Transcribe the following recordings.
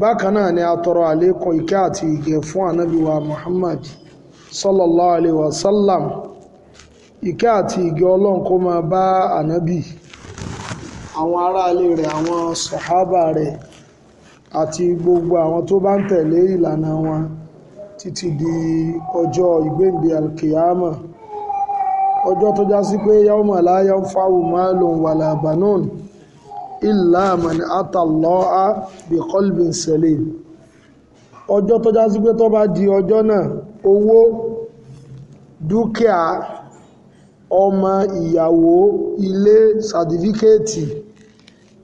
bákan náà ni a tọrọ àlékún ìkẹ́ àti ìgẹ̀ fún ànábì wa Muhammad sallallahu alaihi wasallam ike àti ìgẹ̀ ọlọ́run kó máa bá ànábì àwọn aráalé rẹ̀ àwọn sọ̀hábà rẹ̀ àti gbogbo àwọn tó bá ń tẹ̀lé ìlànà wọn títí di ọjọ́ ìgbéǹde alkiyama ọjọ́ tó já sí pé yawma la yanfa'u malun illa man ata Allaha bi qalbin salim ọjọ́ tó jásí pé tó bá di ọjọ́ náà owó dúkìá ọmọ ìyàwó ilé sàtífíkẹ́ẹ̀tì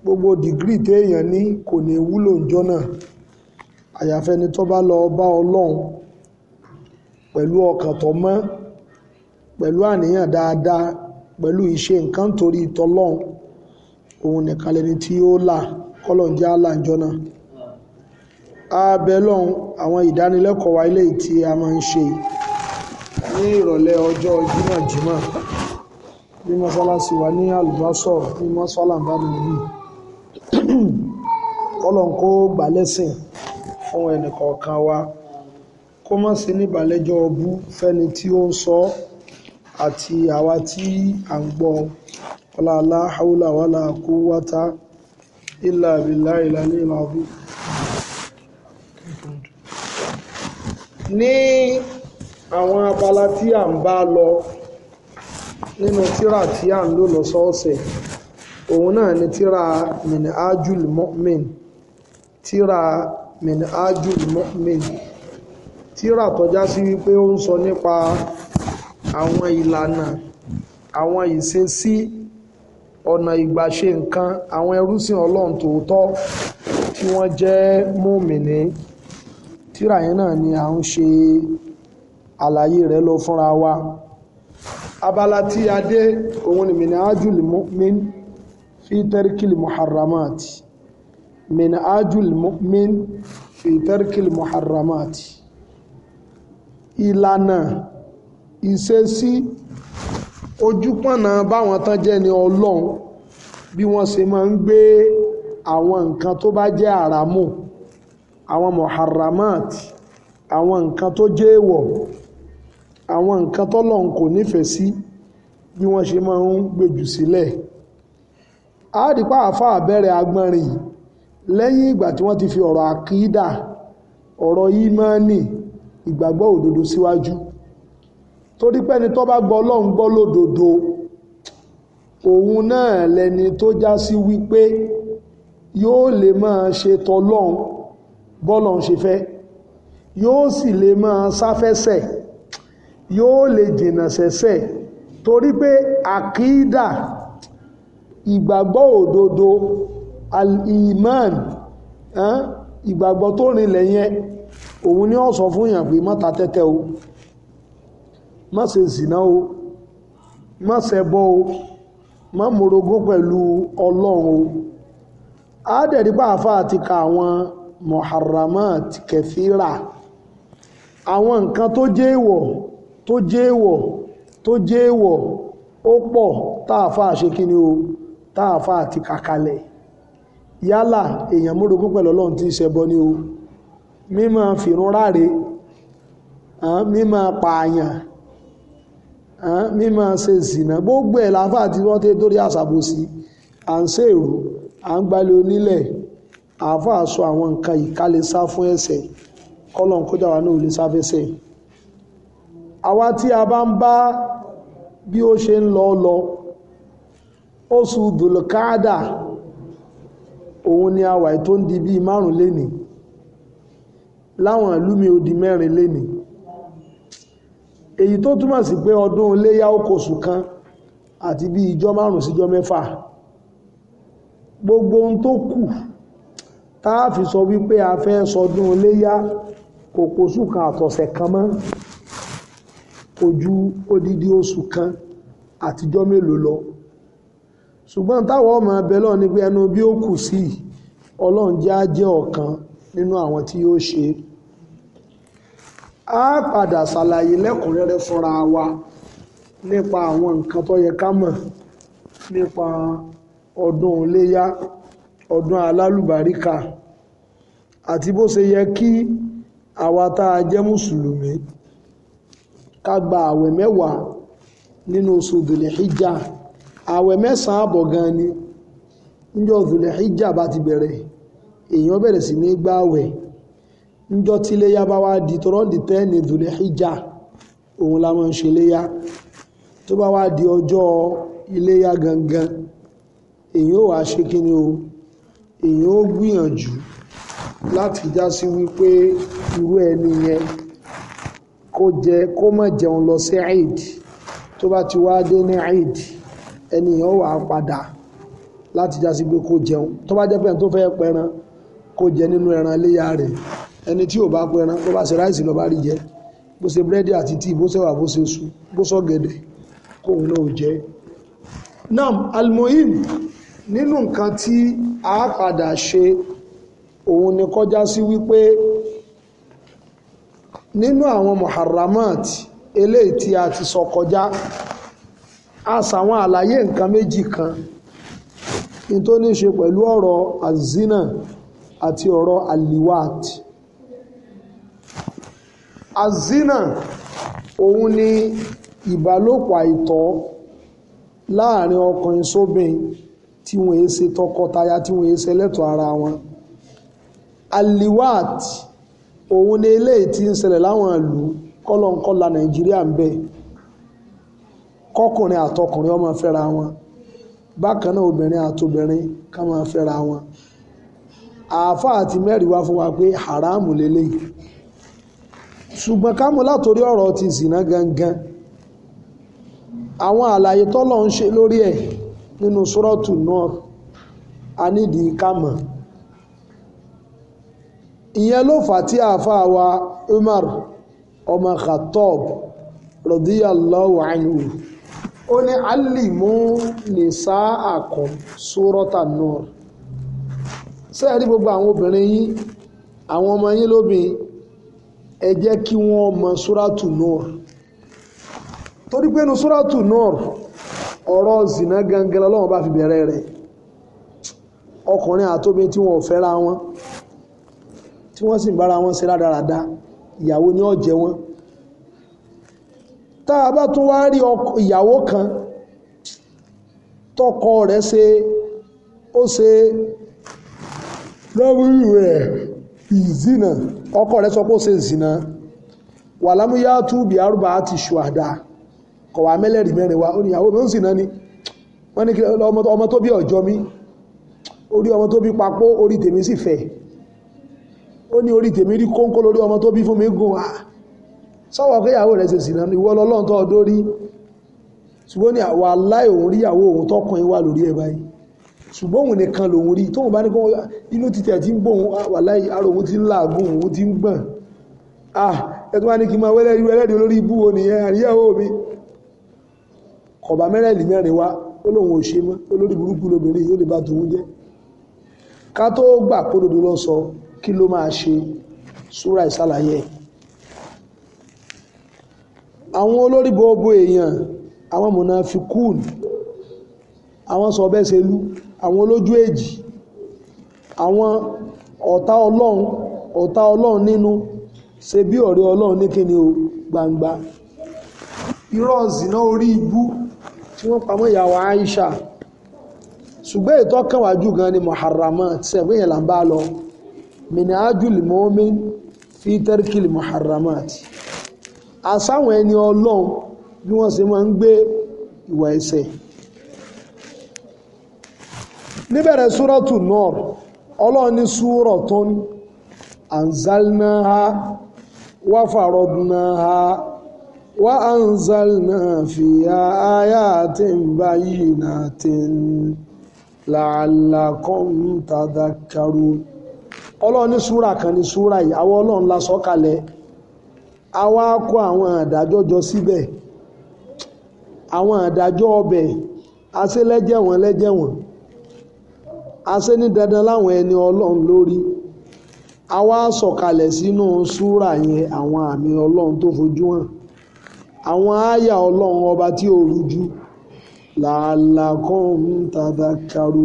gbogbo dìgírì téèyàn ní kò ní wúlò ńjọ́ náà àyàfẹ́ni tó bá lọ bá ọlọ́run pẹ̀lú ọkàn tó mọ́ pẹ̀lú àníyàn dáadáa pẹ̀lú ìṣe nǹkan torí tọlọ́run òun nìkan lẹni tí ó là kọ́lọ̀n jẹ́ àlàjọ́ náà abẹ́ lọ́hùn àwọn ìdánilẹ́kọ̀ọ́ wa ilé tí a máa ń ṣe ní ìrọ̀lẹ́ ọjọ́ jímọ̀jímọ̀ ní mọ́sálásí wa ní àlùbásọ̀ ní mọ́sálàmbánirì kọ́lọ̀n kó gbà fún ẹnìkọ̀ọ̀kan wa kó má sí níbàlẹ́jọ́ ọbú fẹ́ni tí ó ń sọ àti àwa tí à ń gbọ́ ولا لا حول ولا قوة إلا بالله العلي العظيم ní àwọn abala tí à ń bá lọ nínú tírà tí à ń lò lọ́sọ̀ọ̀sẹ̀ òun náà ni tírà minhajul mu'min tírà minhajul mu'min tírà tọ́já sí wípé ó ń sọ nípa àwọn ìlànà àwọn ìṣesí ọ̀nà ìgbà ṣe nǹkan àwọn ẹrúsìn ọlọ́run tòótọ́ tí wọ́n jẹ́ mùmìnì tíra yẹn náà ni à ń ṣe àlàyé rẹ̀ lọ fúnra wa abala tí a dé òun ni mìnà ájúlì mọ́mìn fi tẹ́ríkìlì muharramati mìnà ájúlì mọ́mìn fi tẹ́ríkìlì muharramati ìlànà ìṣesí ojúpọ̀nà báwọn tán jẹ́ ni ọlọ́run bí wọ́n ṣe máa ń gbé àwọn nǹkan tó bá jẹ́ àràmù àwọn muharramat àwọn nǹkan tó jẹ́ èèwọ̀ àwọn nǹkan tọ́lọ́run kò nífẹ̀ẹ́ sí bí wọ́n ṣe máa ń gbèjù sílẹ̀ àádìpá àáfàá bẹ̀rẹ̀ agbọ́nrin lẹ́yìn ìgbà tí wọ́n ti fi ọ̀rọ̀ àkídà ọ̀rọ̀ ìmánì ìgbàgbọ́ òdodo síwájú si torí pé ẹni tó bá gbọ́ ọlọ́run gbọ́ lódodo òun náà lẹni tó já sí wípé yóò lè máa ṣe tọlọ́run bọ́lọ́run ṣe fẹ́ yóò sì lè máa sáfẹ́sẹ̀ yóò lè jìnnà sẹ́sẹ̀ torí pé àkídà ìgbàgbọ́ òdodo al-iman ìgbàgbọ́ tó rinlẹ̀ yẹn òun ni ó sọ fún yàn pé má ta tẹ́tẹ́ o má ṣe zìnà o má ṣẹbọ o má morogún pẹ̀lú ọlọ́run o àádẹ́rìbá àfa àti ka àwọn muharramat kẹfìrà àwọn nǹkan tó jẹ́ èèwọ̀ tó jẹ́ èèwọ̀ tó jẹ́ èèwọ̀ ó pọ̀ táàfà ṣe kí ni o táàfà àti kàkalẹ̀ yálà èèyàn mórogún pẹ̀lú ọlọ́run tí ìṣẹ́bọ ni o mímọ̀ fìrún ráre mímọ̀ pààyàn mímọ̀ ṣe zìnà gbogbo ẹ̀ láfà tí wọ́n tẹ́ torí àṣàbòsí à ń ṣe èrò à ń gbalẹ̀ onílẹ̀ àáfà sọ àwọn nǹkan ìkálẹ̀ sá fún ẹ̀ṣẹ̀ kọ́lọ̀n kọjá wa náà ò lè sáfẹ́sẹ̀ àwa tí a bá ń bá bí ó ṣe ń lọ lọ oṣù dùlùkádà òun ni àwàì tó ń di bíi márùn lénìí láwọn ìlú mi ó di mẹ́rin lénìí èyí tó túmọ̀ sí pé ọdún iléyá okòsù kan àti bí ìjọ márùn síjọ mẹ́fà gbogbo ohun tó kù táàfi sọ wípé a fẹ́ sọdún iléyá kò pòsù kan àtọ̀sẹ̀ kan mọ́ ojú odidi oṣù kan àtijọ́ mélòó lọ ṣùgbọ́n táwọn ọmọ abẹ ni pé ẹnu bí ó kù sí ọlọ́run jẹ́ jẹ́ ọ̀kan nínú àwọn tí yóò ṣe é a padà ṣàlàyé lẹ́kùnrẹ́rẹ́ fúnra wa nípa àwọn nǹkan tó yẹ ká mọ̀ nípa ọdún iléyá ọdún alálùbáríkà àti bó ṣe yẹ kí àwa tá a jẹ́ mùsùlùmí ká gba àwẹ̀ mẹ́wàá nínú oṣù dùlẹ̀híjà àwẹ̀ mẹ́sàn-án àbọ̀ gan ni níjọ́ dùlẹ̀híjà bá ti bẹ̀rẹ̀ èèyàn bẹ̀rẹ̀ sí ní gbààwẹ̀ níjọ́ tí iléyá bá wá di tọrọ di tẹ́ẹ̀nì ìdùlẹ̀ hijja òun la máa ń ṣe iléyá tó bá wá di ọjọ́ iléyá gangan èyí ó wá ṣe kí ni o èyí ó gbìyànjú láti já sí wípé irú ẹni yẹn kó jẹ kó má jẹun lọ sí eid tó bá ti wá dé ní eid ẹni yẹn ó wá padà láti já sí pé kó jẹun tó bá jẹ́ pé ẹni tó fẹ́ pẹran kó jẹ nínú ẹran iléyá rẹ̀ ẹni tí ò bá pẹran bó bá ṣe ráìsì lọ bá rí jẹ bó ṣe búrẹ́dì àti tíì bó ṣẹ̀wà bó ṣe sùn bó ṣọ̀gẹ̀dẹ̀ kóun náà jẹ nam almohim nínú nǹkan tí a padà ṣe òun ni kọjá sí wípé nínú àwọn muharramat eléyìí tí a ti sọ kọjá a sàwọn àlàyé nǹkan méjì kan ní tó ní ṣe pẹ̀lú ọ̀rọ̀ azina àti ọ̀rọ̀ aliwat al azina òun ni ìbálòpọ̀ àìtọ́ láàrin ọkùnrin sóbìn tí wọ́n èé ṣe tọkọtaya tí wọ́n èé ṣe lẹ́tọ̀ọ́ ara wọn aliwat òun ni eléyìí tí ń ṣẹlẹ̀ láwọn ìlú kọ́lọ̀ńkọ́lá nàìjíríà ń bẹ kọkùnrin àtọkùnrin ọmọ fẹ́ra wọn bákan náà obìnrin àtobìnrin ká máa fẹ́ra wọn àáfàá àti mẹ́rin wá fún wa pé haramu lélẹ́yìí ṣùgbọ́n ká mú látòrí ọ̀rọ̀ ti zìnà gangan àwọn àlàyé tọ́lọ̀ ń ṣe lórí ẹ̀ nínú sọ́rọ́tù náà a nídìí ká mọ̀ ìyẹn ló fà tí àáfàá wa Umar ọmọ Khattab radiyallahu anhu ó ní alìmú nìsá àkọ́ sọ́rọ́tà náà sẹ́ẹ̀rí gbogbo àwọn obìnrin yín àwọn ọmọ yín lóbìn ẹ jẹ́ kí wọ́n mọ suratu nur torí pé inú suratu nur ọ̀rọ̀ zina gangan lọ́wọ́ bá fi bẹ̀rẹ̀ rẹ̀ ọkùnrin àtóbi tí wọ́n wọn tí wọ́n sì ń wọn ṣe rádaràda ìyàwó ni wọn tá a bá tún ìyàwó kan tọkọ rẹ̀ ṣe ó ṣe lọ́wọ́ ìzínà ọkọ rẹ̀ sọ pé ó ṣe ìzínà wà lámúyá túbì arúgbà àti ṣùwàdà kọ̀wà mẹ́lẹ̀rì mẹ́rin wa ó ní ìyàwó mi ó ń sìnà ni wọ́n ní ọmọ tó bí ọjọ́ mi orí ọmọ tó bí papó orí tèmi sì fẹ̀ ó ní orí tèmi rí kóńkó lórí ọmọ tó bí fún mi gùn á sọ́wọ́ pé ìyàwó rẹ̀ ṣe ìsìnà ìwọ lọ́lọ́run tó ọdọ́ rí ṣùgbọ́n ní àwa láì ìyàwó òun tọkùnrin wà lórí ẹ̀ báyìí ṣùgbọ́n òun nìkan lòun rí tóun bá ní kọ́ inú títẹ̀ tí ń bọ̀ ah, wàláì ara òun ti ń làágùn òun ti ń gbọ̀n ah ẹ̀tọ́ wá ní kí n máa wẹ́lẹ́ irú ẹlẹ́dìí olórí ibú wo nìyẹn àríyáwó mi kọ̀bà mẹ́rẹ̀lì mẹ́rin wá ó lóun ò ṣe mọ́ olórí burúkú lóbìnrin yóò lè bá tòun jẹ́ ká tó gbà kódodo lọ sọ kí ló máa ṣe súra ìsàlàyé àwọn olórí bọ́ọ̀bọ̀ èèyàn àwọn mọ̀nà fi kúùn àwọn sọ bẹ́ẹ̀ ṣe lú àwọn olójú èjì àwọn ọ̀tá ọlọ́run ọ̀tá ọlọ́run nínú ṣe bí ọ̀rẹ́ ọlọ́run ní kíni o gbangba irọ́ zìnà orí ibú tí wọ́n pamọ́ ìyàwó Aisha ṣùgbọ́n ètò ọkànwájú gan ni muharramat sẹ́gbẹ́ yẹn là ń bá lọ minajul mu'min fi tarkil muharramat àsáwọn ẹni ọlọ́run bí wọ́n ṣe máa ń gbé ìwà ẹ̀ṣẹ̀ níbẹ̀rẹ̀ súrọ́tù Nur ọlọ́run ní súrọ̀tún anzalnaha wa faradnaha wa anzalna ya ayatin bayyinatin la'allakum tadhakkarun ọlọ́run ní súra kan ní súra yìí àwọn ọlọ́run la sọ kalẹ̀ àwa kó àwọn àdájọ́ jọ síbẹ̀ àwọn àdájọ́ ọbẹ̀ aṣẹ́lẹ́jẹ̀wọ̀n lẹ́jẹ̀wọ̀n lẹ́jẹ̀wọ̀n asé ní dandan láwọn ẹni ọlọ́run lórí a wá sọ̀kalẹ̀ sínú súrà yẹn àwọn àmì ọlọ́run tó fojú hàn àwọn àyà ọlọ́run ọba tí ò rújú làálàkùn tàdákàrú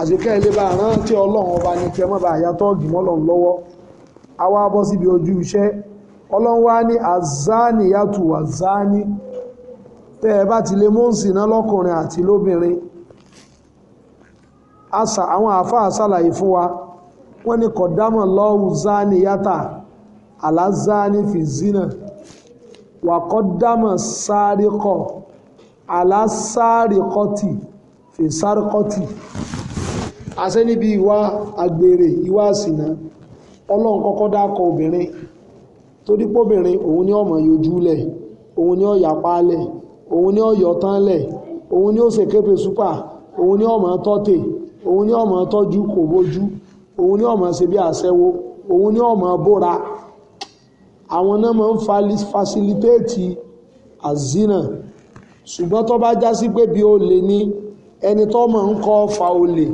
àṣekẹ́ ilé bá rántí ọlọ́run ọba ní kẹ́ mọ́ bá àyà tọ́ọ̀gì mọ́lọ́run lọ́wọ́ a wá bọ́ síbi ojú iṣẹ́ ọlọ́run wá ní àzáni yàtù tẹ́ ẹ bá ti lè mọ́ǹsì náà lọ́kùnrin àti lóbìnrin asa àwọn àáfàá ṣàlàyé fún wa wọ́n ní kọ̀dámọ̀ lọ́wọ́ zani yàtà alazani fi zina wà kọ́dámọ̀ sáríkọ̀ alásárìkọ́tì fi sárìkọ́tì àṣẹ níbi ìwà àgbèrè ìwà àsìnà ọlọ́run kọ́kọ́ dákọ obìnrin torí pọ́bìnrin òun ni ọmọ yójú lẹ̀ òun ni ọ̀yà paálẹ̀ òun ni ọ̀yọ̀ tán lẹ̀ òun ni ó ṣèképe súpà òun ni ọmọ tọ́tẹ̀ òun ni ọmọ tọ́jú kò bójú òun ni ọmọ ṣe bí àṣẹwó òun ni ọmọ bóra àwọn náà máa ń fasilitéètì àzínà ṣùgbọ́n tó bá já sí pé bí olè ní ẹni tó máa ń kọ́ fa olè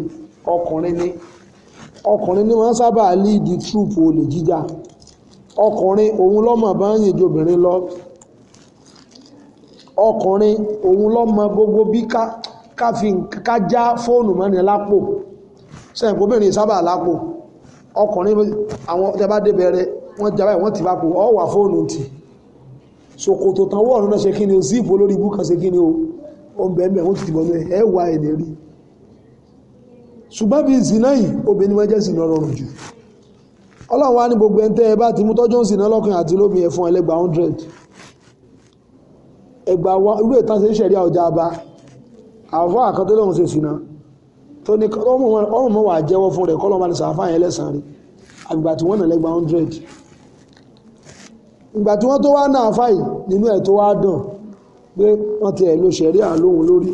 ọkùnrin ni ọkùnrin ni wọ́n sábà líìdì túùpù olè jíjà ọkùnrin òun lọ́mọ bá ń yèjì obìnrin lọ ọkùnrin òun lọ́mọ gbogbo bí ká káfí ká já fóònù mọ́ni lápò sẹ́yìnkú obìnrin sábà lápò ọkùnrin àwọn tẹ́bá débẹ̀rẹ̀ wọ́n jábá ìwọ́n ti lápò ọ wà fóònù ti ṣòkòtò tán wọ́n ọ̀run náà ṣe kí ni o zíìpù olórí ibú kan ṣe kí ni o ó ń bẹ̀ẹ́ wọ́n ti dìbọn mẹ́ ẹ wà èdè rí ṣùgbọ́n bí zina yìí obìnrin máa jẹ́ zina rọrùn jù ọlọ́run wa ní gbogbo ẹ̀ńtẹ́ ẹ bá ti mú tọ́jú zina lọ́kùnrin àti lómi ẹ̀fọn ẹlẹ́gbàá 100 ẹgbàá irú ìtàn ṣe àwùjá bá àfọ́ àkàtọ́ lóhun ṣe sínà tó ní ọrùn mọ́ wà jẹ́wọ́ fún rẹ̀ kọ́lọ́mọ́ ní sàáfáà yẹn lẹ́sàn rí àgbà tí wọ́n nà lẹ́gbà 100 ìgbà tí wọ́n tó wá náà fáì nínú ẹ̀ tó wá dàn pé wọ́n ti ẹ̀ lo ṣẹ̀rí àlóhun lórí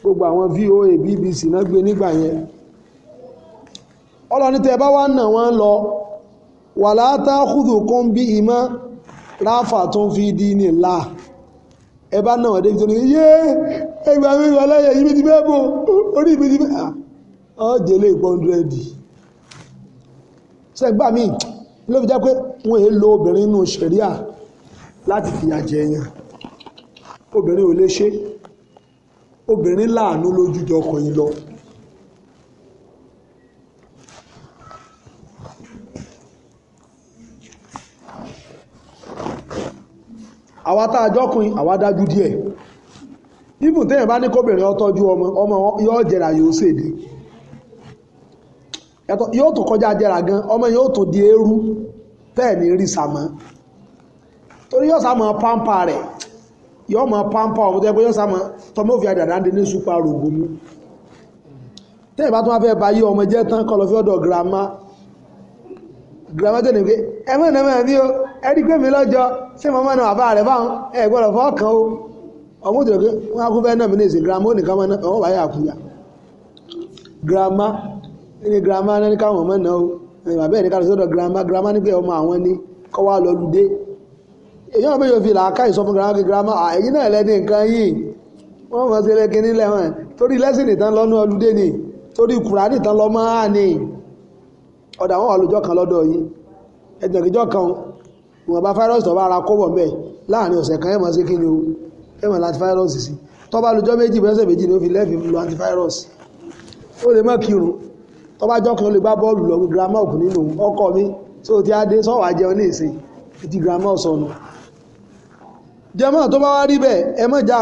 gbogbo àwọn VOA BBC náà gbé nígbà yẹn ọlọ́ni ẹ bá náà wọ́n débi tó ní yé ẹgbà mi wà láyé ibi ti bẹ́ẹ̀ bò orí ibi ti bẹ́ẹ̀ ah, ọ jẹlé ìpọ́ndúrẹ́dì sẹ́gbà mi ló fi jẹ́ pé wọ́n èé lo obìnrin nínú ṣẹ̀ríà láti fìyà jẹ èèyàn obìnrin ò lè ṣe obìnrin láàánú lójú jọkọ̀ yìí lọ àwa tá a jọ́kùnrin àwa dájú díẹ̀ ibùn téèyàn bá ní kóbìnrin ọtọ́jú ọmọ ọmọ yóò jẹrà yóò ṣèdè yóò tún kọjá jẹrà gan ọmọ yóò tún di eérú tẹ́ẹ̀ ní rí sàmọ́ torí yóò pampa rẹ̀ yóò mọ pampa ọmọ tó pé yóò sàmọ́ tọmọ òfin àdàdà ń súpa rògbò girama girama pé ẹ̀rí pé mi lọ́jọ́ sí mọ́mọ́ náà bàbá rẹ̀ báwọn ẹ̀ ọkàn o ọmọ òdòdó wọn kú náà mi ní ìsìn girama ó nìkan ọmọ ní girama náà bàbá sọ́dọ̀ ní pé ọmọ àwọn kọ́ lọ lùdé èyí wọn bẹ yóò fi làákà ìsọ fún girama girama èyí náà lẹ́ni nǹkan yìí wọ́n sí ni torí ìwọ̀nba fáírọ́ọ̀sì tó bá ara kó bọ̀ bẹ́ẹ̀ láàrin ọ̀sẹ̀ kan ẹ̀mọ̀ sí kíni o ẹ̀mọ̀ láti fáírọ́ọ̀sì sí tó lójọ́ méjì bẹ́sẹ̀ méjì ni ó fi lẹ́fì lu antifáírọ́ọ̀sì ó lè má kírun tó bá jọ́kùn ó lè gbá bọ́ọ̀lù lọ gírámà òkú nínú ọkọ̀ mi tó ti á dé sọ́wọ́ ajẹun ní ìsìn ti gírámà sọnù jẹmọ́ tó bá wá rí bẹ́ẹ̀ ẹ má já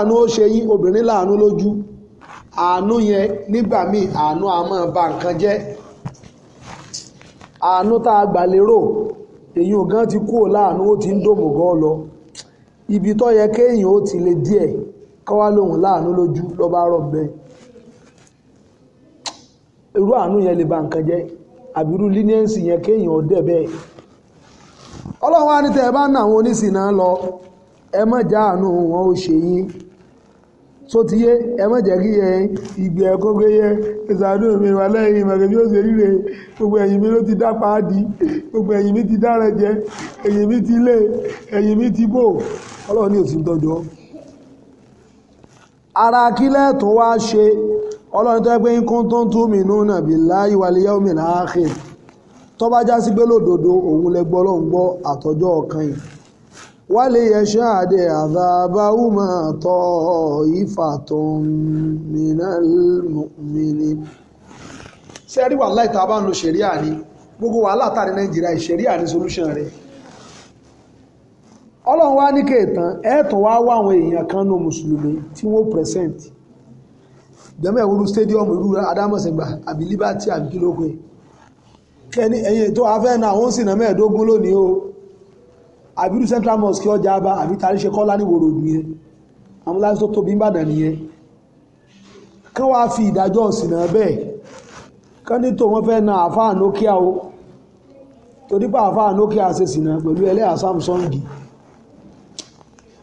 àánú ó tá a gbà èyí ò ti kúrò láàánú ó ti ń lọ ibi tó yẹ kéèyàn ó ti le díẹ káwá lòun láàánú lójú àánú yẹn lè ba nǹkan jẹ́ leniency yẹn kéèyàn ọlọ́run á ní lọ ẹ má já àánú wọn ó ṣe yín sotiye ẹ má jẹ́ kí ẹyin ìgbẹ́ ẹ̀kọ́gbé yẹ ìsàánú mi wà lẹ́yìn ìmọ̀gẹ́ bí ó ṣe ríre gbogbo ẹ̀yìn mi ló ti dá paádì gbogbo ẹ̀yìn mi ti dára jẹ ẹ̀yìn mi ti lé ẹ̀yìn mi ti bò ọlọ́run ní òsì ń tọ́jú ọ́. ara kílẹ̀ tó wá ṣe ọlọ́run tó yẹ pé nǹkan tó ń tú mi nù nàbí láyé wà lè yá omi náà áhìn já sí pé lódodo òun lẹ gbọ́ ọlọ́run gbọ́ àtọ́jọ́ ọ̀kan yìí وليشهد عذابهما طائفة من المؤمنين sẹ́rí wàhálà ìta bá ń lo ṣẹ̀ríà ni gbogbo wàhálà tàrí nàìjíríà ìṣẹ̀ríà ni solution rẹ̀ ọlọ́run wá ní kéètàn ẹ̀ẹ̀tàn wá wá àwọn èèyàn kan nù mùsùlùmí tí wọ́n present jẹ́mọ̀ ìwúrú stadium ìlú adámọ̀sẹ̀gbà àbí liberty àbí kẹ́ni ẹ̀yìn afẹ́ náà sì mẹ́ẹ̀ẹ́dógún lónìí o àbírú central mosque ọjà bá àbí tàrí ṣe kọ́lá ní wòrò òdù yẹn amúláṣí tó tóbi ń bàdàn nìyẹn kán wá fi ìdájọ́ ọ̀sìn náà bẹ́ẹ̀ kán ní tó wọ́n fẹ́ na àfáà nokia o torí pé àfáà nokia ṣe sìnà pẹ̀lú ẹlẹ́yà samsung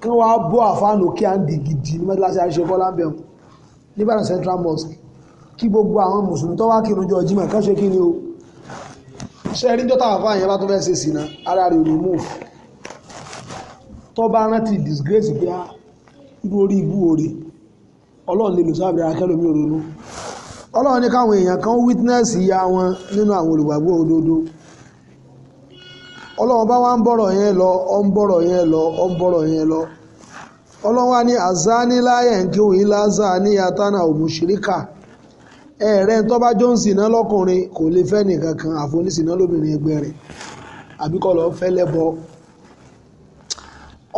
kán wá bó àfáà nokia ń di gidi ní mọ́tíláṣí àríṣe kọ́lá bẹ́ẹ̀ níbàdàn central mosque kí gbogbo àwọn mùsùlùmí tó wá kírun jọ jímọ̀ kán ṣe kí ni o ṣe rí jọ́tà àfáà yẹn bá tó fẹ́ ṣe sìnà ara rẹ̀ remove Tọba bá rántí disgrace pé á irú orí ibú orí ọlọ́run lè lò sábẹ́ akẹ́lòmí òrònú ọlọ́run ní káwọn èèyàn kan witness ìyà wọn nínú àwọn olùgbàgbọ́ òdodo ọlọ́run bá wá ń bọ̀rọ̀ yẹn lọ ọ ń bọ̀rọ̀ yẹn lọ ọ ń bọ̀rọ̀ yẹn lọ ọlọ́run wá ní àzániláyẹ̀ ń òyìn ní òmùsíríkà ẹ̀ẹ́rẹ́ lọ́kùnrin kò lè fẹ́ nìkan kan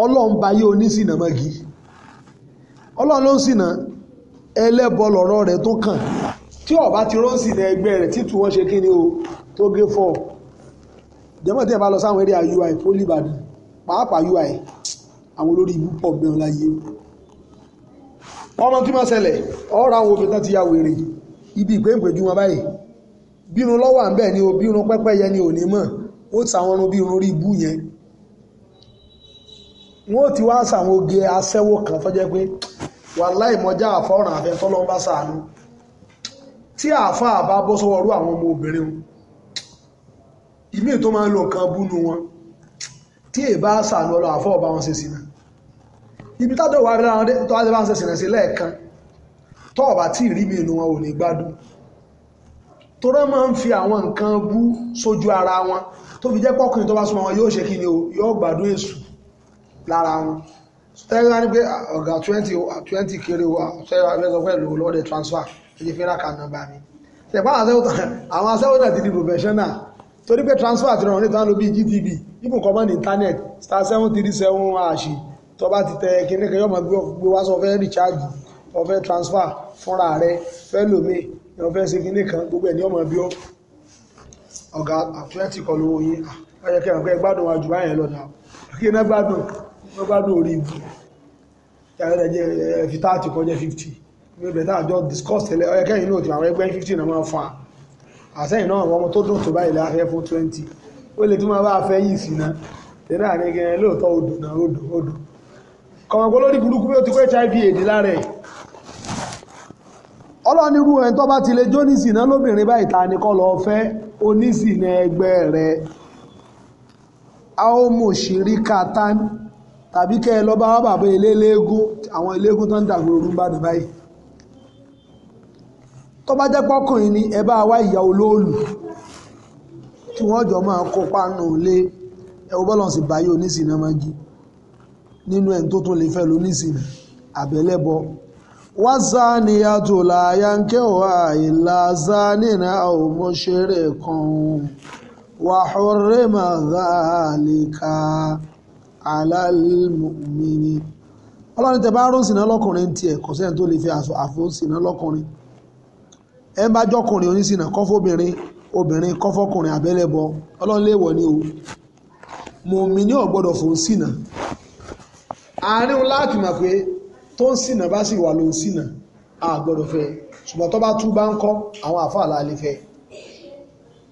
ọlọ́run bá yé onísìnà mọ́gi ọlọ́run ló ń sìnà ẹlẹ́bọ lọ̀rọ̀ rẹ̀ tó kàn tí ọba ti rọ́ ń sìnà ẹgbẹ́ rẹ̀ títù wọ́n ṣe kíni o tó gé fọ́ jẹ́mọ̀ tí ẹ bá lọ sáwọn eré ui poli ìbàdàn pàápàá ui àwọn olórí ibú pọ̀ bẹ́ẹ̀ láyé ọmọ tí wọ́n ṣẹlẹ̀ ọ̀rọ̀ àwọn òfin tán ti ya wèrè ibi ìpéǹpéjú wọn báyìí bínú lọ́wọ́ à ń bẹ̀ ni o bínú pẹ́pẹ́yẹ ni ò ní mọ̀ ó ti àwọn ọrùn bínú orí ibú yẹn wọn ò ti wá sàwọn oge aṣẹ́wó kan fọ́jẹ́ pé wàláì mọ́jà àfọ́ràn àfẹ́ tọ́lọ́ bá sàánú tí àáfàá bá bọ́ sọ́wọ́ rú àwọn ọmọ obìnrin wọn ìmí tó máa ń lo nǹkan búnú wọn tí è bá sàánú ọlọ́ àfọ́ ọba wọn ṣe sí náà ibi tádọ̀ wà lára wọn tó wá bá ń ṣe sìnà sí lẹ́ẹ̀kan tó ọ̀bà tí ìrí mi inú wọn ò ní gbádùn tó máa ń fi àwọn nǹkan bú sójú ara wọn tó fi jẹ́ pọ́kùnrin tó bá súnmọ́ wọn yóò ṣe kí ni o yóò gbádùn èṣù lára wọn tẹ́lá ní pé ah, ọ̀gá twenty twenty kéré wa ṣẹ́yà fẹ́sọ pẹ̀lú lọ́dẹ transfer èyí fi ráka nọ́mbà mi ṣẹ̀pá àwọn asẹ́wọ́n náà ti di professional torí pé transfer ti rọrùn nítorí bíi GTB ibùn kọ́mọ́ ní internet star seven three seven àṣì tó bá ti tẹ kíní kan yóò máa gbé wá sọ fẹ́ recharge o fẹ́ transfer fúnra rẹ fẹ́ lòmí o fẹ́ ṣe kíní kan gbogbo ẹ̀ ní ọmọ bí ó ọ̀gá twenty kọ lówó yín ọ̀yẹ̀kẹ́ ọ̀gá ẹ̀ gbádùn wa jù báyẹn lọ náà kí ẹ náà gbádùn wọ́n gbádùn orí ibu yàrá jẹ́ fi táàtì kọjá fifty mi ò bẹ̀tà àjọ discuss tẹ́lẹ̀ ọ̀yẹ́ kẹ́yìn náà ti àwọn ẹgbẹ́ fifty náà máa fa àsẹ́yìn náà ọmọ tó dùn tó báyìí láfẹ́ fún twenty ó lè tún máa bá a fẹ́ yìí sí náà tẹ́lẹ̀ àrẹ́gẹ́ lóòótọ́ odò náà odò odò kọ̀mọ̀gbọ́ lórí burúkú bí ó ti kó hiv èdè lára ẹ̀ ọlọ́nirú ẹ̀ tó bá ti lè jó nísìná lóbìnrin báyìí ta ni kọ́ lọ fẹ́ onísìná ẹgbẹ́ rẹ̀ aomo ṣìríkà tán tàbí kẹ́ ẹ lọ bá wá bàbá eléégún àwọn eléégún tó ń dàgbò orun bá dùn báyìí tó bá jẹ́ pọ́kùnrin ni ẹ bá wá ìyá olóòlù tí wọ́n jọ máa kó pánù lé ẹwọ́ bọ́lọ̀sì báyìí onísìnà máa jí nínú ẹni tó tún lè fẹ́ lónísìnà àbẹ̀lẹ́bọ wá sáàni yàtò láàyà ń kẹwàá ìlà sáàni náà ò mọ́ ṣeré kan wàhùrẹ́ alálùmíní ọlọ́run tẹ bá rún sínú ọlọ́kùnrin tiẹ̀ kò sẹ́yìn tó lè fi àfo sínú ọlọ́kùnrin ẹ bá jọkùnrin oníṣìnà kọ́fọ́bìnrin obìnrin kọ́fọ́kùnrin àbẹ́lẹ́bọ ọlọ́run lè wọ̀ ní o mọ̀mí ní ọ̀gbọ́dọ̀ fò ń sìnà àárín wọn láti mọ̀ pé tó ń sìnà bá sì wà ló ń sìnà àgbọ́dọ̀ fẹ́ ṣùgbọ́n tó bá tú bá ń kọ́ àwọn àfa àlàálẹ̀ fẹ́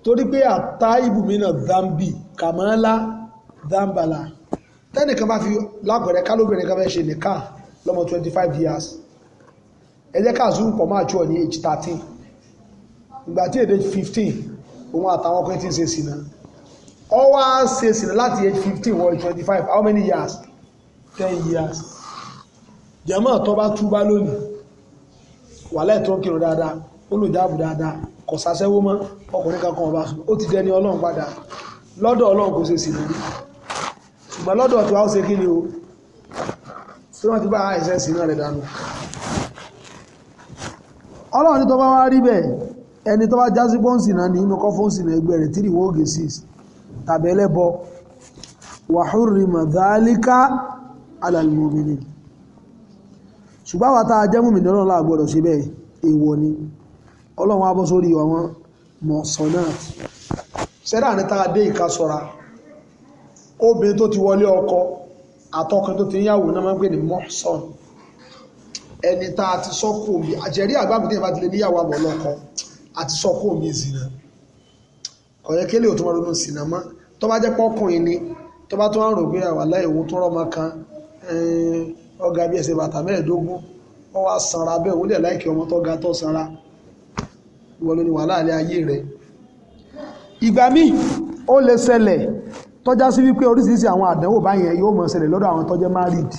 torí pé àtá ibùmínà dáńbì kàmáńlá dáńbàlà tẹ́nìkan bá fi lápẹ̀rẹ̀ kálóbìnrin kan fẹ́ ṣe nìka lọ́mọ 25 years ẹ jẹ́ káàzú pọ̀ máa jọ ní age 13 ìgbà tí èdè 15 òun àtàwọn ọkùnrin tí ń ṣe sínà ọ wá ṣe sínà láti age 15 wọ 25 how many years 10 years jẹ́mọ́ tó bá túbá lónìí wà lẹ́ẹ̀tọ́ ń kírun dáadáa ó lò dáàbò dáadáa kò sáṣẹ́wó mọ́ ọkùnrin kankan ọba ó ti dẹni ọlọ́run padà lọ́dọ̀ ọlọ́run kò ṣe sínà ṣùgbọ́n lọ́dọ̀ tí wá ó ṣe kí ni o tí wọ́n ti bá ẹ̀ṣẹ̀ sí náà rẹ̀ dànù ọlọ́run ní tó bá wá rí bẹ́ẹ̀ ẹni tó bá já sí pọ́ǹsì náà ní inú kọ́ fóǹsì náà ẹgbẹ́ rẹ̀ tírì wọ́ọ̀gì six tàbí ọlọ́run la gbọ́dọ̀ ṣe bẹ́ẹ̀ ni ọlọ́run á bọ́ sórí àwọn mọ̀sánnáàtì ṣẹ́dá ní tá dé ìka obìnrin tó ti wọlé ọkọ àtọkùn tó ti yàwó náà máa ń pè ní mọ́sán ẹni tá a ti sọ́kù omi àjẹrí àgbàbùdé ìbá ti lè níyàwó àbọ̀ lọ́kọ àti sọ́kù omi ìzìnà ọ̀yẹ́ kélé òtún ronú sínà mọ́ tó bá jẹ́ pọ́kùnrin ni tó bá tó ń rò pé àwà láì owó tó rọ́mọ kan ọ̀gá bí ẹsẹ̀ bàtà mẹ́ẹ̀ẹ́dógún ó wá sanra bẹ́ẹ̀ ó dẹ̀ láìkí ọmọ tó ga tó sanra ìwọ ló ní wàhálà alẹ́ ayé rẹ̀ ìgbà míì ó lè ṣẹlẹ̀ tọ́já sí wípé oríṣiríṣi àwọn àdánwò báyẹn yóò mọ̀ ṣẹlẹ̀ lọ́dọ̀ àwọn tọ́jẹ́ married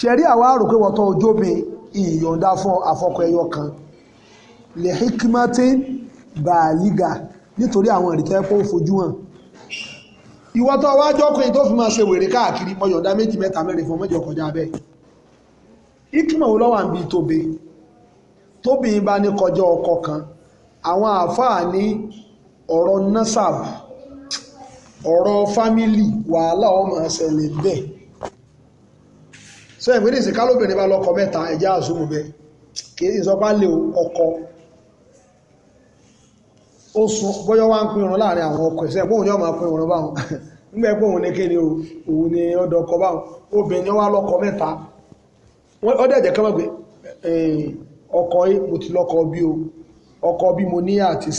ṣẹ̀rí àwa rò pé wọ́tọ́ ojóbe ìyọ̀ǹda fún àfọkọ ẹyọ kan lè hikimati bàálígà nítorí àwọn ìrìtẹ́ kó fojú hàn ìwọ́tọ́ wájọ́ kùnrin tó fi máa ṣe wèrè káàkiri mọ̀yọ̀ǹda méjì mẹ́ta mẹ́rin fún mẹ́jọ kọjá bẹ́ẹ̀ ikima wo lọ́wọ́ àbí tóbe tóbi bá ní kọjá ọkọ kan àwọn àáfàá ní ọ̀rọ̀ nasabu ọ̀rọ̀ fámílì wàhálà ọmọ ṣẹlẹ̀ bẹ́ẹ̀ sẹ́yìn pínlẹ̀ ìsìnká lóbìnrin bá lọ́kọ mẹ́ta ẹjá àzúmù bẹ́ kìí ìsọpá lè ọkọ ó sún bọ́yọ́ wá ń pín ìrún láàrin àwọn ọkọ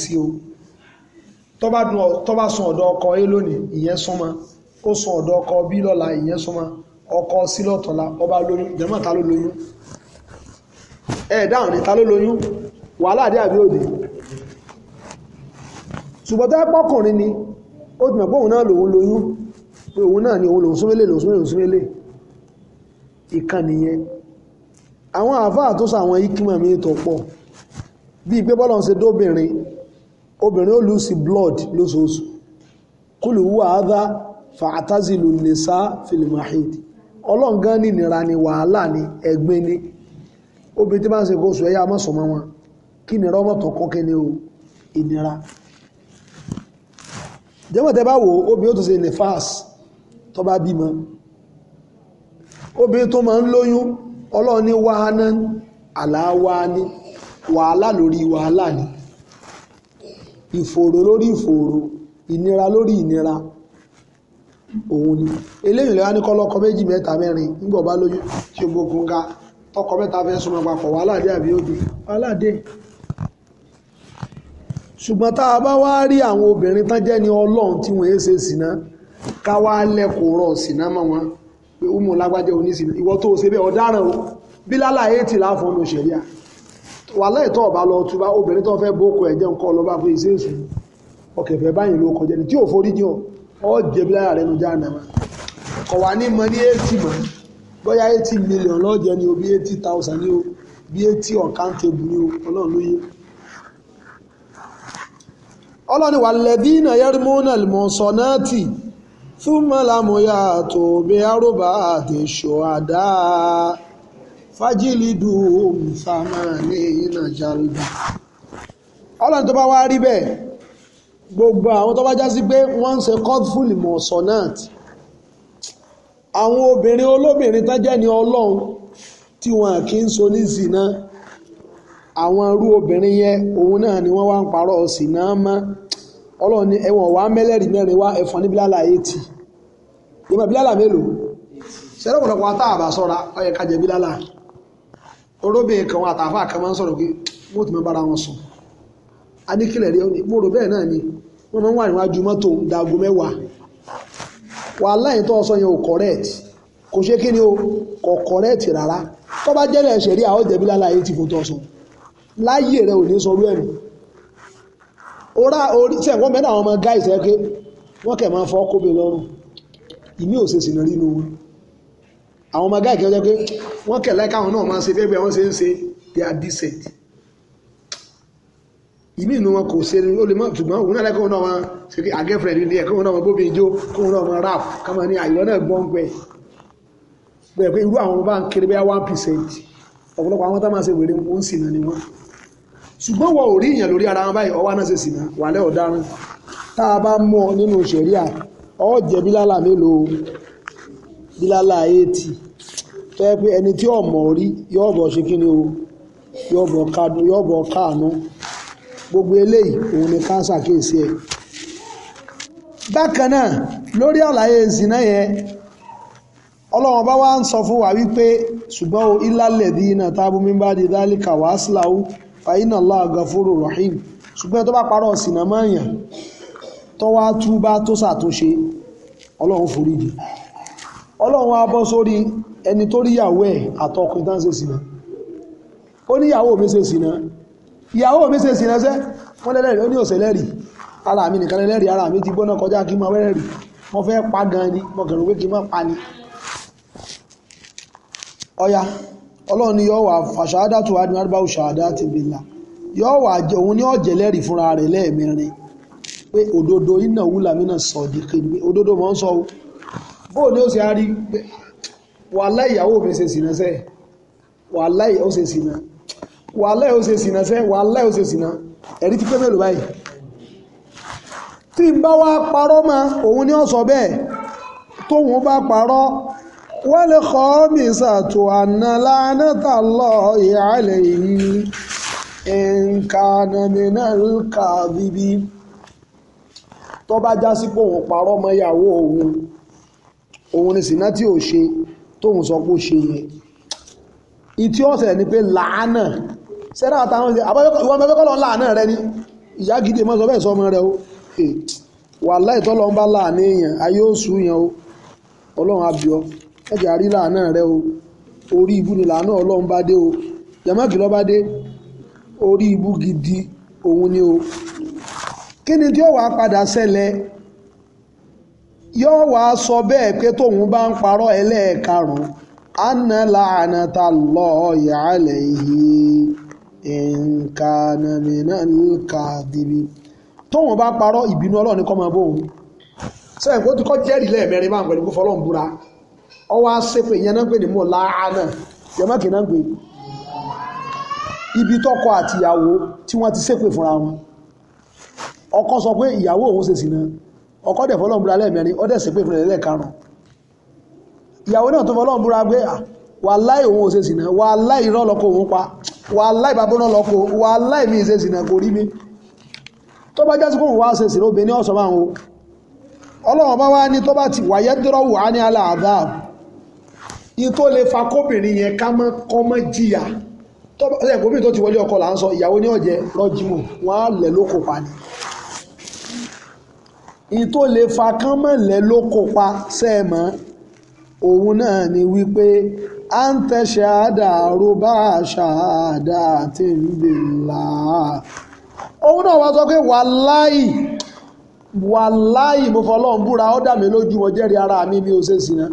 tó bá sun ọ̀dọ̀ ọkọ a lónìí ìyẹn súnmọ́ ó sun ọ̀dọ̀ ọkọ b lọ́la ìyẹn súnmọ́ ọkọ sí lọ́tọ̀la ọba lóyún jẹ́mọ̀ ta ló lóyún ẹ̀ dáhùn ní ta ló lóyún wàhálà dé àbí òde ṣùgbọ́n tó pọ́kùnrin ni ó ti mọ̀ pé òun náà lòun lóyún pé òun náà ni òun lòun súnmélé lòun súnmélé lòun súnmélé ìkan nìyẹn àwọn àfáà tó sàwọn ikímọ̀ mi tó pọ̀ bíi pé bọ́lọ̀ ń ṣe dóbìnrin obìnrin olu si blood lóṣooṣù kúlù wà fàtàzìlù nìsá filimahid ọlọ́ngán ní ìnira ni wàhálà ni ẹ̀gbin ni obìnrin tí bá ń ṣe kóṣù ẹ̀yà mọ́sànmọ́ wọn kí ọmọ tó o ìnira jẹ́mọ̀tẹ́ bá wò obìnrin ó tó ṣe nefas tó bá bímọ obìnrin tó máa ń lóyún ọlọ́ọ̀ni wàhánà àláwá ní wàhálà lórí wàhálà ìfòòró lórí ìfòòró ìnira lórí ìnira òun ni eléyìí ní kọ́lọ́kọ́ méjì mẹ́ta mẹ́rin nígbà ọba lójú tí o tọkọ mẹ́ta fẹ́ súnmọ́ papọ̀ àbí òde wàhálà ṣùgbọ́n tá a àwọn obìnrin tán jẹ́ ni wọ́n ṣe ká wá lẹ́kọ̀ọ́ rọ̀ mọ́ wọn pé ó mú lágbájá tó ṣe bẹ́ẹ̀ ọ̀daràn o bí wà láìtọ́ ọ̀bá lọ túbá obìnrin tó fẹ́ bókọ ẹ̀jẹ̀ nǹkan ọlọ́bá fún iṣẹ́ èṣù ọkẹ̀fẹ́ báyìí ló kọjẹ́ ní tí ò forí jìn ọ jẹ̀bi lára rẹ̀ nu jáàna ma kọ̀ ní mọ ní eighty mọ̀ bóyá eighty million lọ́jẹ́ ni o bí eighty thousand o bí eighty uncountable ni o ọlọ́run ló yé ọlọ́ni wà lẹ́bí iná yẹ́rìmọ́nà mọ̀sánátì fún mọ́làmúyà tó bí arúbá àti ṣòhádá fájìlìdù sàmánì nàjàlùbà ọlọ́run tó bá wá rí bẹ́ẹ̀ gbogbo àwọn tó bá já sí pé wọ́n ń ṣe cordful mọ̀sánát àwọn obìnrin olóbìnrin tán jẹ́ ní ọlọ́run tí wọn kì í so ní zina àwọn irú obìnrin yẹn òun náà ni wọ́n wá ń parọ́ zina mọ́ ọlọ́run ni ẹ̀wọ̀n wá mẹ́lẹ́rìí mẹ́rin wá ẹ̀fọn ní bílálà 80 ìmọ̀ bílálà mélòó ṣẹlẹ̀ àtàbà sọ́ra ó bílálà oróbìnrin kan àtàfà kan máa ń sọ̀rọ̀ pé wọ́n ti máa bára wọn sùn a ní kílẹ̀ rí ó ní mo rò bẹ́ẹ̀ náà ni wọ́n máa ń wà níwájú mọ́tò dago mẹ́wàá wàhálà yìí tó sọ yẹn ò correct kò ṣe kí ni o kò correct rárá tó bá jẹ́ rẹ̀ ṣẹ̀rí àwọn jẹ̀bi láláyé ti fò tọ̀sùn láyé rẹ̀ ò ní sọ rú ẹ̀mí ora orí tẹ̀ wọ́n mẹ́ta àwọn ọmọ gáìsì ẹ̀ pé wọ́n kẹ̀ máa fọ́ kóbe lọ́rùn ìmí ò ṣèṣìn rí nu wọn àwọn ọmọ gáàkì ọjọ́ pé wọ́n kẹ̀ láìka àwọn náà máa ṣe fẹ́ bí àwọn ṣe ń ṣe they are decent ìmí inú wọn kò ṣe ó lè mọ́ ṣùgbọ́n òun náà lẹ́kọ̀ọ́ náà wọn ṣe pé àgẹ́fẹ̀rẹ̀ ní ẹ̀ ah, náà wọn gbóbi ijó kóhun náà wọn rap káwọn ní àyọ̀ náà gbọ́n pẹ́ pẹ́ pé irú àwọn bá ń kéré bí one percent ọ̀pọ̀lọpọ̀ àwọn tá máa ṣe wèrè wọn ń sìnà ni wọn ṣùgbọ́n wọn ò rí ìyàn lórí ara wọn báyìí ọwọ́ náà ṣe sìnà wàlẹ́ ọ̀daràn tá a bá mọ̀ nínú ṣẹ̀ríà bílálà eighty tó yẹ pé ẹni tí ọmọ rí yóò bọ̀ ṣe kí ni o yóò bọ̀ káàánú yóò gbogbo eléyìí òun ni káńsà kéèsì ẹ̀ bákan náà lórí àlàyé ìsìná yẹn ọlọ́run bá wá ń sọ fún wa wípé ṣùgbọ́n o ìlàlẹ̀ bí iná tábú mímbá di dálíkà rahim ṣùgbọ́n tó bá parọ́ tó wá túbá tó ṣàtúnṣe ọlọ́run abọ́ sórí ẹni tó ríyàwó ẹ̀ àtọkùnrin tán ṣe sínà ó níyàwó mi ṣe sínà ìyàwó mi ṣe sínà sẹ́ wọ́n lẹ́lẹ́rì ó ní òṣèlẹ́rì ara mi nìkan lẹ́lẹ́rì ara mi ti gbóná kọjá kí máa wẹ́rẹ̀ rì fẹ́ pa gan ni mo kẹ̀rù pé kí máa pa ni ọya ọlọ́run ni yóò wà fàṣáádá tó wà ní àdúgbà òṣàádá ti bìlà yóò wà òun ní ọ̀jẹ̀lẹ́rì fúnra rẹ̀ lẹ́ẹ̀mẹrin pé òdodo iná wúlà mí náà sọ̀dí kéde òdodo mọ́ ń sọ bóò ní ó sì arí wàláì ìyàwó mi ṣe sìnà sẹ́ wàláì ó ṣe sìnà wàláì ó ṣe sìnà sẹ́ wàláì ó ṣe sìnà ẹ̀rí ti pé mélòó báyìí tí n bá wá parọ́ mọ́ òun ni ó sọ bẹ́ẹ̀ tóun bá parọ́ wọ́n lè kọ́ mi ṣàtò àná lánàtà lọ ìhàlẹ̀ yìí nkanàmínàl kàbíbí tó bá já sí pé òun parọ́ mọ́ ìyàwó òun òun ni sìnà tí ò ṣe tóun sọ pé ó ṣe yẹn ìtí ọ̀sẹ̀ ni pé làánà sẹ́dá àtàwọn ṣe ìwọ́n bẹ́ẹ̀ kọ́ lọ làánà rẹ ni ìyá gidi mọ́ sọ bẹ́ẹ̀ sọmọ rẹ o wàláhì tọ́lọ́ ń bá láàánú èèyàn ayé òṣù yẹn o ọlọ́run abiọ ẹ̀jẹ̀ àrí làánà rẹ o orí ibú ni làánà ọlọ́run bá dé o jẹ̀mọ́ kìlọ́ bá dé orí ibú gidi òun ni o kí ni tí ó wàá padà ṣẹlẹ̀ yóò wá sọ bẹ́ẹ̀ pé tóun bá ń parọ́ ẹlẹ́ẹ̀karùn-ún anna la'anata Allahi alayhi in kana minal kadhibi tóun bá parọ́ ìbínú ọlọ́run ní kó bóun sẹ́yìn kó ti kọ́ jẹ́rìí máa ń pẹ̀lú búra ọwọ́ yẹn náà pè ní mọ̀ láàánà kì í náà pè ibi tọkọ àtìyàwó tí wọ́n ti ṣépè fúnra wọn ọkọ sọ pé ìyàwó òun ṣèṣì náà ọkọ dẹ̀ fọlọ́n búra lẹ́ẹ̀mẹrin pé fúnlẹ̀ lẹ́ẹ̀karùn ìyàwó náà tó fọlọ́n búra ah, wà láì òun ṣe sìnà òun pa wàláì babọ́nà lọ́kọ wàláì mi ṣe sìnà kò rí mi tó bá jásí kóhùn wá ṣe sìnà obìnrin ọ̀sán máa ń wo ọlọ́run bá wá ní tó bá ti ọkọ là ń sọ ìyàwó ní ọ̀jẹ̀ rọ́jìmọ̀ wọ́n á lẹ̀ ìtò lè fa kán mọ̀lẹ́ ló kópa sẹ́ẹ̀mọ́ òun náà ni wípé à ń tẹ̀sẹ̀ àdàrú bá àṣàdà àti ìbìlà òun náà wá sọ pé wàláì wàláì mo fọlọ́run búra ó dà mí lójú mo jẹ́rìí ara mi mi ò ṣe sìnà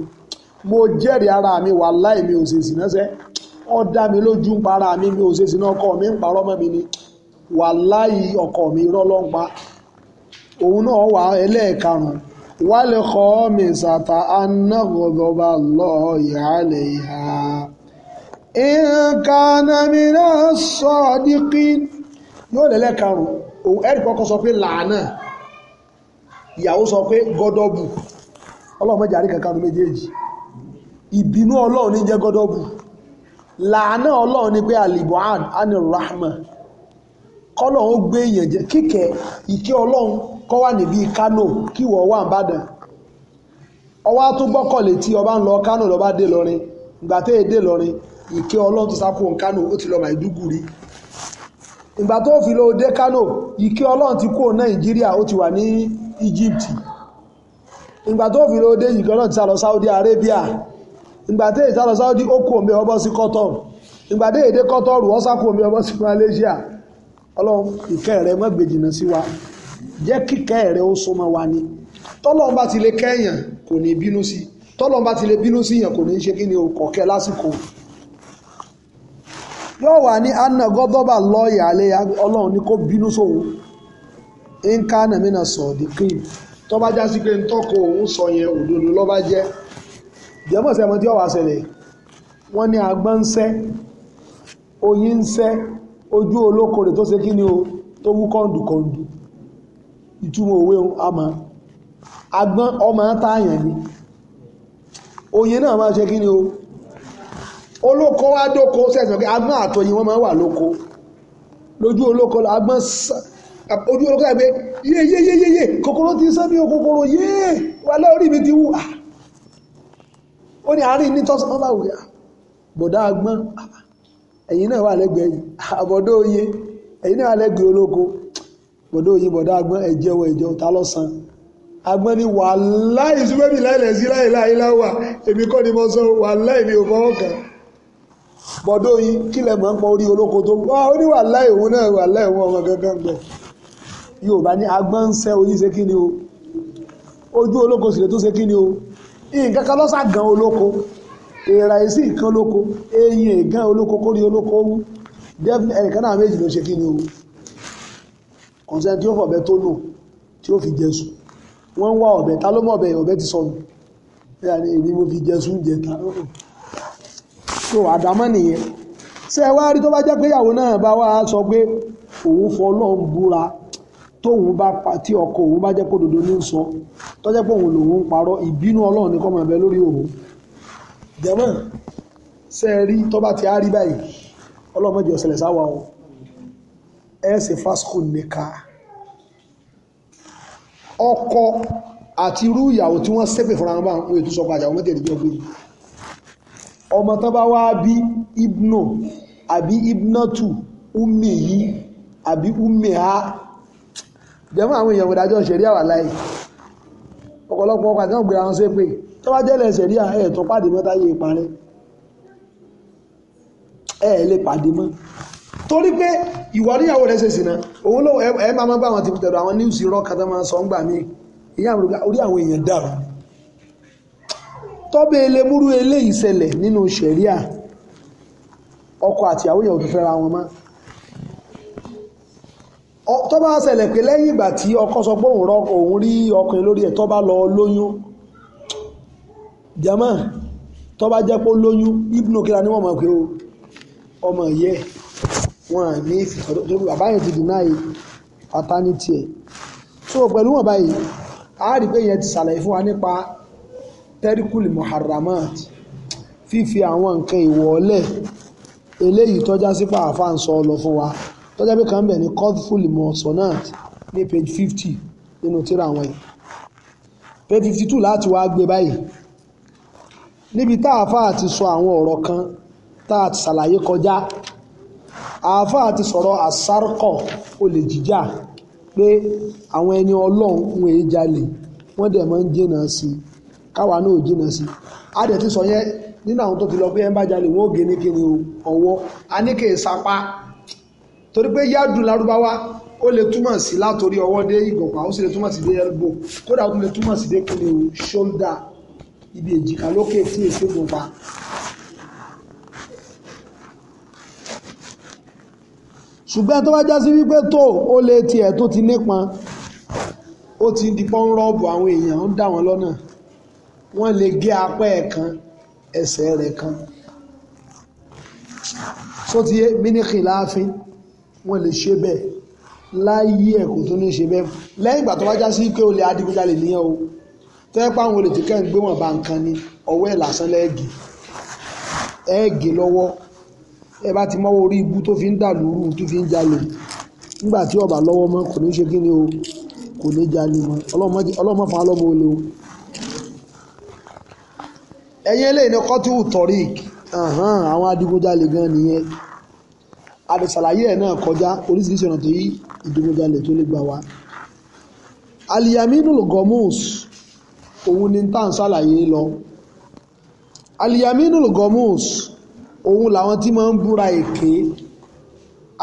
mo jẹ́rìí ara mi wàláì mi ò ṣe sìnà sẹ́ ó dà mí lójú para mi mi ò ṣe sìnà ọkọ mi ń parọ́ mọ́ mi ni wàláì ọkọ mi rọ́ ń pa òun náà wà ẹlẹ́ẹ̀karùn-ún wálé kọ́ ún òun kọ́kọ́ sọ pé làánà ìyàwó sọ pé gọ́dọ̀bù ọlọ́run àríkà kanu méjèèjì ìbínú ọlọ́run ní jẹ́ gọ́dọ̀bù làánà ọlọ́run ní pé alibuhan anirahma kọ́lọ́run ó gbé èèyàn jẹ kíkẹ́ ìkẹ́ kọ́ níbi Kánò kí wọ́n wà ọwọ ọwọ́ tó gbọ́kànlé tí ọba ń lọ Kánò lọ́ba dé lọ́rin ìgbà tó èdè lọ́rin ìkẹ́ ọlọ́run ti sáko Kánò ó ti lọ Maiduguri ìgbà tó fi lọ dé Kánò ìkẹ́ ọlọ́run ti Nàìjíríà ó ti wà ní Egypt ìgbà tó fi lọ dé ọlọ́run ti jẹ́ kíkẹ́ rẹ̀ ó súnmọ́ wa ni tọ́lọ́n bá ti lè kẹ́yàn kò ní bínú sí tọ́lọ́n bá ti lè bínú sí yàn kò ní ṣe kí ni òkọ̀kẹ́ lásìkò yóò wà ní anna gọ́dọ́bà lọ́ọ̀yà alẹ́ ọlọ́run ní kó bínú sóhun nǹka nàmínà sọ̀ọ́dí kírì tó bá já sí pé ń tọ́kọ òun sọ yẹn òdodo lọ́ba jẹ́ jẹ́mọ̀ sẹ́mọ̀ tí ó wà ṣẹlẹ̀ wọ́n ní agbọ́n ń sẹ́ oyin ń sẹ́ ojú olókòrè tó ṣe kí ni o tó wú kọ́ndùkọ́ndù ìtumọ̀ òwe àmọ́ agbọ́n ọmọ táyàn ni oyin náà máa ṣe kí ni o olóko wá dóko sẹ́sìn pé agbọ́n àtọyìn wọ́n máa wà lóko lójú olóko agbọ́n ojú olóko sẹ́sìn pé yé yé yé yé yé kòkòrò ti sẹ́mi o kòkòrò yé wà lórí mi ti wù á ah! ó ní àárín ní tọ́sán bá wù á ah, bọ̀dá agbọ́n ah, ẹ̀yìn náà wà lẹ́gbẹ̀ẹ́ bọ̀dọ̀ òyìn bọ̀dọ̀ agbọ́n ẹ̀jẹ̀ wọ ẹ̀jẹ̀ ọ̀tá lọ́sàn agbọ́n ni wà láì láìlẹ̀ sí láìláì láwà èmi kọ́ ni mo sọ wà láì mi ò fọwọ́ kàn bọ̀dọ̀ òyìn kílẹ̀ mọ̀ ń pọ̀ orí olóko tó ọmọ gbẹ Yorùbá ní agbọ́n ń ojú olóko sì lè ṣe kí ni o nǹkan lọ́sà gan olóko olóko eyín olóko kò sẹ́ni tí ó fọ̀bẹ tó lò tí ó fi jẹsù wọ́n ń wá ọ̀bẹ ta ló mọ̀ ọ̀bẹ ọ̀bẹ ti sọnù ní mo fi jẹsù jẹ ta so àdámọ́ nìyẹn ṣe wá rí tó bá jẹ́ pé ìyàwó náà bá wá sọ pé òun fọlọ́run búra tóun bá tí ọkọ òun bá jẹ́ kó dodo ní sọ tó jẹ́ pé lòun parọ́ ìbínú ọlọ́run ní kó máa bẹ lórí òun jẹ́mọ̀ ṣe rí tó bá ti á rí báyìí ọlọ́run ṣẹlẹ̀ sáwà o ẹ ṣe fásikò nìka ọkọ àti irú ìyàwó tí wọ́n ṣépè fúnra wọn bá wọn ètò sọpọ̀ àyàwó mẹ́tẹ̀ẹ̀dì jọ gbé ọmọ tán bá wá bí ibnu àbí ibnatu umi yìí àbí umi ha jẹ́mọ́ àwọn èèyàn ìdájọ́ ṣẹ̀ríà wà láì ọ̀pọ̀lọpọ̀ ọkọ̀ àti ọ̀gbẹ̀rẹ̀ àwọn ṣépè tó bá jẹ́lẹ̀ ṣẹ̀ríà ẹ̀ tó pàdé mọ́ táyé ìparí ẹ̀ lè pàdé mọ́ torí pé ìwà níyàwó rẹ̀ ṣe sìnà òun ló ẹ máa máa bá àwọn ti tẹ̀rọ àwọn news irọ́ kata máa sọ ń gbà mí ìyá àmì orí àwọn èèyàn dàrú tọ́bẹ̀ ilé múrú eléyìí ṣẹlẹ̀ nínú ṣẹ̀ríà ọkọ àti àwọn èèyàn wọn jama tó bá jẹ́ pé ó ni wọ́n mọ̀ pé ọmọ yẹ́ wọn à ní ìfìtọ́dọ̀ torí bàbá yẹn ti deny paternity ẹ̀ so pẹ̀lú wọn báyìí a rí pé yẹn ti ṣàlàyé fún wa nípa tẹ́ríkùlì muharramat fífi àwọn nǹkan ìwọ̀ọ́lẹ̀ eléyìí tọ́já sí pàáfà ń sọ lọ fún wa tọ́já pé kan bẹ̀ ní codful monsonant ní page fifty nínú tíra àwọn yìí page fifty two láti wá gbé báyìí níbi táàfà ti sọ àwọn ọ̀rọ̀ kan tá a ti ṣàlàyé kọjá àáfàá ti sọ̀rọ̀ àsárkọ̀ olè jíjà pé àwọn ẹni ọlọ́run ń wèé jalè wọ́n dẹ̀ máa ń jìnà sí i káwa náà jìnà sí i a dẹ̀ ti sọ yẹn nínú àwọn tó ti lọ pé ẹ̀ bá jalè wọ́n ò gé ní kíni ọwọ́ a ní kì í sapá torí pé yádùn lárúbáwá ó lè túmọ̀ sí látòrí ọwọ́ dé ìgọ̀pá ó sì lè túmọ̀ sí dé elbow kódà ó tún lè túmọ̀ sí dé kíni shoulder ibi èjìká lókè tí èsì ìgọ̀pá ṣùgbọ́n tó bá já sí wípé tó ó lè tiẹ̀ tó ti nípọn ó ti di pọ́n rọ́ọ̀bù àwọn èèyàn ń dà wọ́n lọ́nà wọ́n lè gé apá ẹ̀ kan ẹsẹ̀ rẹ̀ kan sóti míníkì láàfin wọ́n lè ṣe bẹ́ẹ̀ láyé ẹ̀kọ́ tó ní ṣe bẹ́ẹ̀ lẹ́yìn ìgbà tó bá sí pé olè adigunjalè nìyẹn o tẹ́ páwọn olè tí kẹ́ ń gbé wọn bá nǹkan ni ọwọ́ ẹ̀ lásán lẹ́ẹ̀gì ẹ̀ẹ́gì lọ́wọ́ ẹ bá ti mọ́wọ́ orí ibú tó fi ń dà lóru tó fi ń jalè nígbà ọba lọ́wọ́ mọ́ kò ní ṣe kí ni o kò ní jalè mọ́ ọlọ́mọ fún alọ́mọ olè o. ẹ̀yin eléyìí ni kọ́tù tọ́rík àwọn adigunjalè gan nìyẹn àdìsàlàyé ẹ̀ náà kọjá oríṣiríṣi ọ̀nà tó yí ìdigunjalè tó lè gbà wá. aliyaminu gomus òun ni tá à ń ṣàlàyé lọ aliyaminu gomus òun làwọn tí máa ń búra èké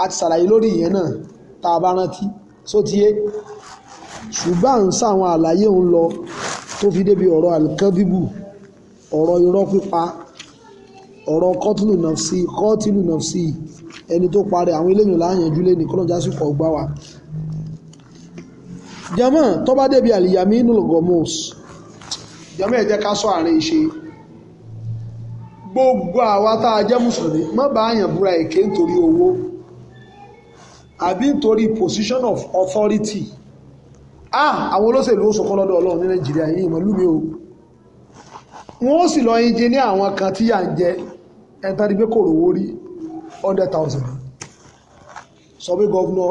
àti ṣàlàyé lórí ìyẹn náà tá a bá rántí sótíyé ṣùgbọ́n à ń sàwọn àlàyé òun lọ tó fi débi ọ̀rọ̀ àlùkàbíbù ọ̀rọ̀ irọ́ pípa ọ̀rọ̀ kọ́tìlù nàfsí kọ́tìlù nàfsí ẹni tó parí àwọn eléyìn láàyànjú lé ní kọ́lọ́jà sí kọ̀ wa. jama tó bá débi àlìyàmí nùlọ̀gọ́mọ́s jama ẹ̀ jẹ́ ká sọ àárín ìṣe gbogbo àwa tá a jẹ́ mùsùlùmí má bá àyàn búra èké nítorí owó àbí nítorí position of authority ah àwọn olóṣèlú ó sọkọ́ lọ́dọ̀ ọlọ́run ní nàìjíríà yìí ìmọ̀lú mi o wọ́n ó sì lọ yín jẹ ní àwọn kan tí yà ń jẹ ẹ̀ntàdí pé kò rówó rí 100,000 sọ pé gọ́vnà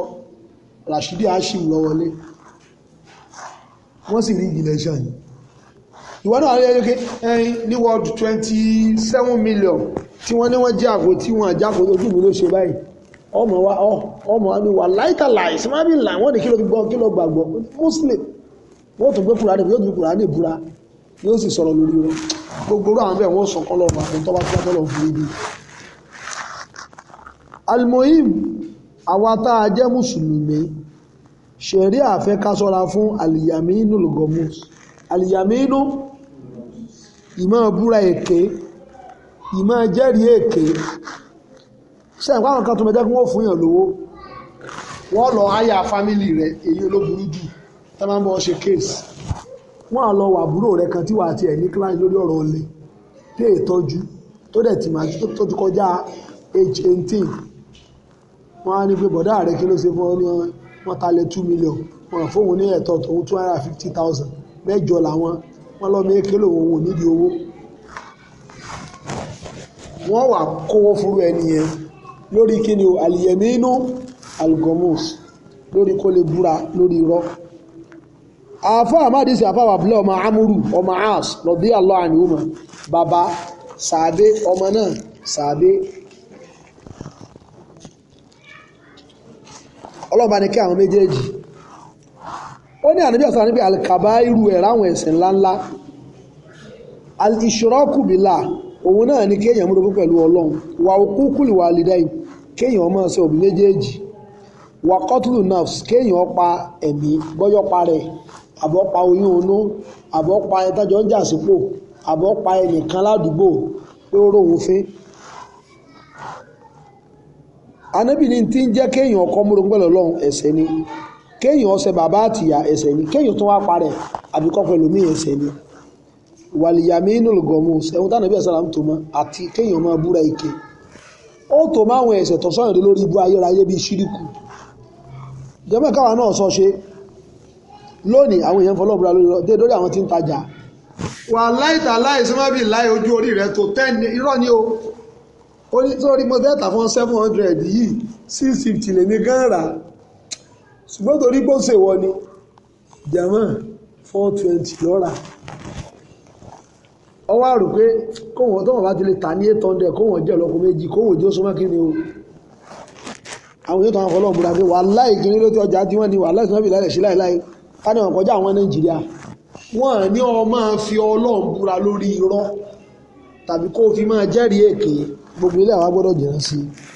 Rashidi Hashim lọ wọlé wọ́n sì rí ìgbìlẹ̀ iṣẹ́ yìí ìwọ náà lè lókè ẹyin ní wọ́ọ̀dù twenty seven million tí wọ́n ní wọ́n jẹ́ àpò tí wọ́n àjẹ́ àpò ojú mi ló ṣe báyìí ọmọ wa ọmọ wa ni wà láìka láì sí máa bí là wọ́n ní kí ló gbọ́ kí ló gbàgbọ́ muslim wọ́n tún gbé kùránì yóò tún kùránì búra yóò sì sọ̀rọ̀ lórí wọn gbogbo àwọn bẹ́ẹ̀ wọ́n sọ kọ́ lọ́rùn àti tọ́ba tí wọ́n tọ́lọ̀ fún ibi. almohim àwa tá a jẹ́ mùsùlùmí ṣẹ̀rí àfẹ́ ká sọ́ra fún alìyàmínú lùgọ́mùs alìyàmínú ìmọ̀ búra èké ìmọ̀ jẹ́rìí èké ṣe ìpá àwọn kan tó mẹ́jẹ́ kí wọ́n fún yàn lówó wọ́n lọ háyà fámílì rẹ̀ èyí olóburú jù tẹ́lá ń bọ́ ṣe kéèsì wọ́n á lọ wà àbúrò rẹ̀ kan tí wà á ti ẹ̀ ní kíláàsì lórí ọ̀rọ̀ olè tí èyí tó dẹ̀ tì máa tó ti kọjá age eighteen wọ́n á ní pé bọ̀dá rẹ̀ kí ló ṣe fún ọ talẹ̀ two million wọ́n fóun ní ẹ̀tọ́ tòun two fifty thousand mẹ́jọ làwọn wọ́n lọ́mọ ekele òun ò nídìí owó wọ́n wà kówó fúru ẹni yẹn lórí kíni o àlìyẹ̀mí inú algomus lórí kó lè búra lórí irọ́ àfọ́ àmádìsí àfọ́ àbúlẹ̀ ọmọ amúrù ọmọ as lọ́bí àlọ́ àníwòmọ̀ bàbá sàbé ọmọ náà sàbé ọlọ́ba ni kí àwọn méjèèjì ó ní ànábì àṣà níbi alikaba irú ẹ̀ ráwọn ẹ̀ṣẹ̀ ńláńlá ìṣòrọ́kù bìlà òun náà ni kéèyàn múlò pẹ̀lú ọlọ́run wà òkúkúlì wà lìdáyìn kéèyàn máa ṣe òbí méjèèjì wà kọ́tùlù nafs kéèyàn pa ẹ̀mí bọ́yọ́ parẹ́ àbọ̀ pa oyún onú àbọ̀ pa ẹ̀tàjọ́ ń jà sípò àbọ̀ pa ẹnìkan ládùúgbò pé ó róhun fín anábì ní ti ń jẹ́ kéèyàn ọkọ múlò pẹ̀lú ọlọ́run ẹ̀ṣẹ̀ ni kéèyàn ọsẹ bàbá àtìyà ẹ̀ṣẹ̀ ni kéèyàn tó wá parẹ̀ àbíkọ́ pẹ̀lú mí ẹ̀ṣẹ̀ ni wàlìyàmí nùlùgọ̀mù ẹ̀hún tánà bí ẹ̀sàlám tó mọ́ àti kéèyàn máa búra ike ó tó máwọn ẹ̀ṣẹ̀ tó sọ̀rọ̀ lórí ibú ayérayé bíi ṣíríkù jẹ́mọ̀ káwa náà sọ ṣe lónìí àwọn èèyàn fọlọ́bùra dé lórí àwọn tí ń tajà wà láìta láìsí má bí láì ojú orí rẹ tó tẹ́ irọ́ ni o ó ní sórí mo tẹ́ta fún seven hundred yìí six fifty lè ní gánra ṣùgbọ́n torí pé ó ṣèwọ ni jama four twenty lọ́ra ọwọ́ àrò pé kóhùn tó wọ́n bá ti lè ta ní eight hundred kóhùn jẹ́ ọlọ́kùn méjì kóhùn jẹ́ oṣù mákìnrin o àwọn yóò tó àwọn ọlọ́run búra pé wàláì kiri ló ti ọjà tí wọ́n ní wàláì sinabi láì sí láìláì káni wọn kọjá àwọn nàìjíríà wọn ní ọ máa fi ọlọ́run búra lórí irọ́ tàbí kó o fi máa jẹ́rìí èké gbogbo ilé àwa gbọ́dọ̀ jìnnà sí i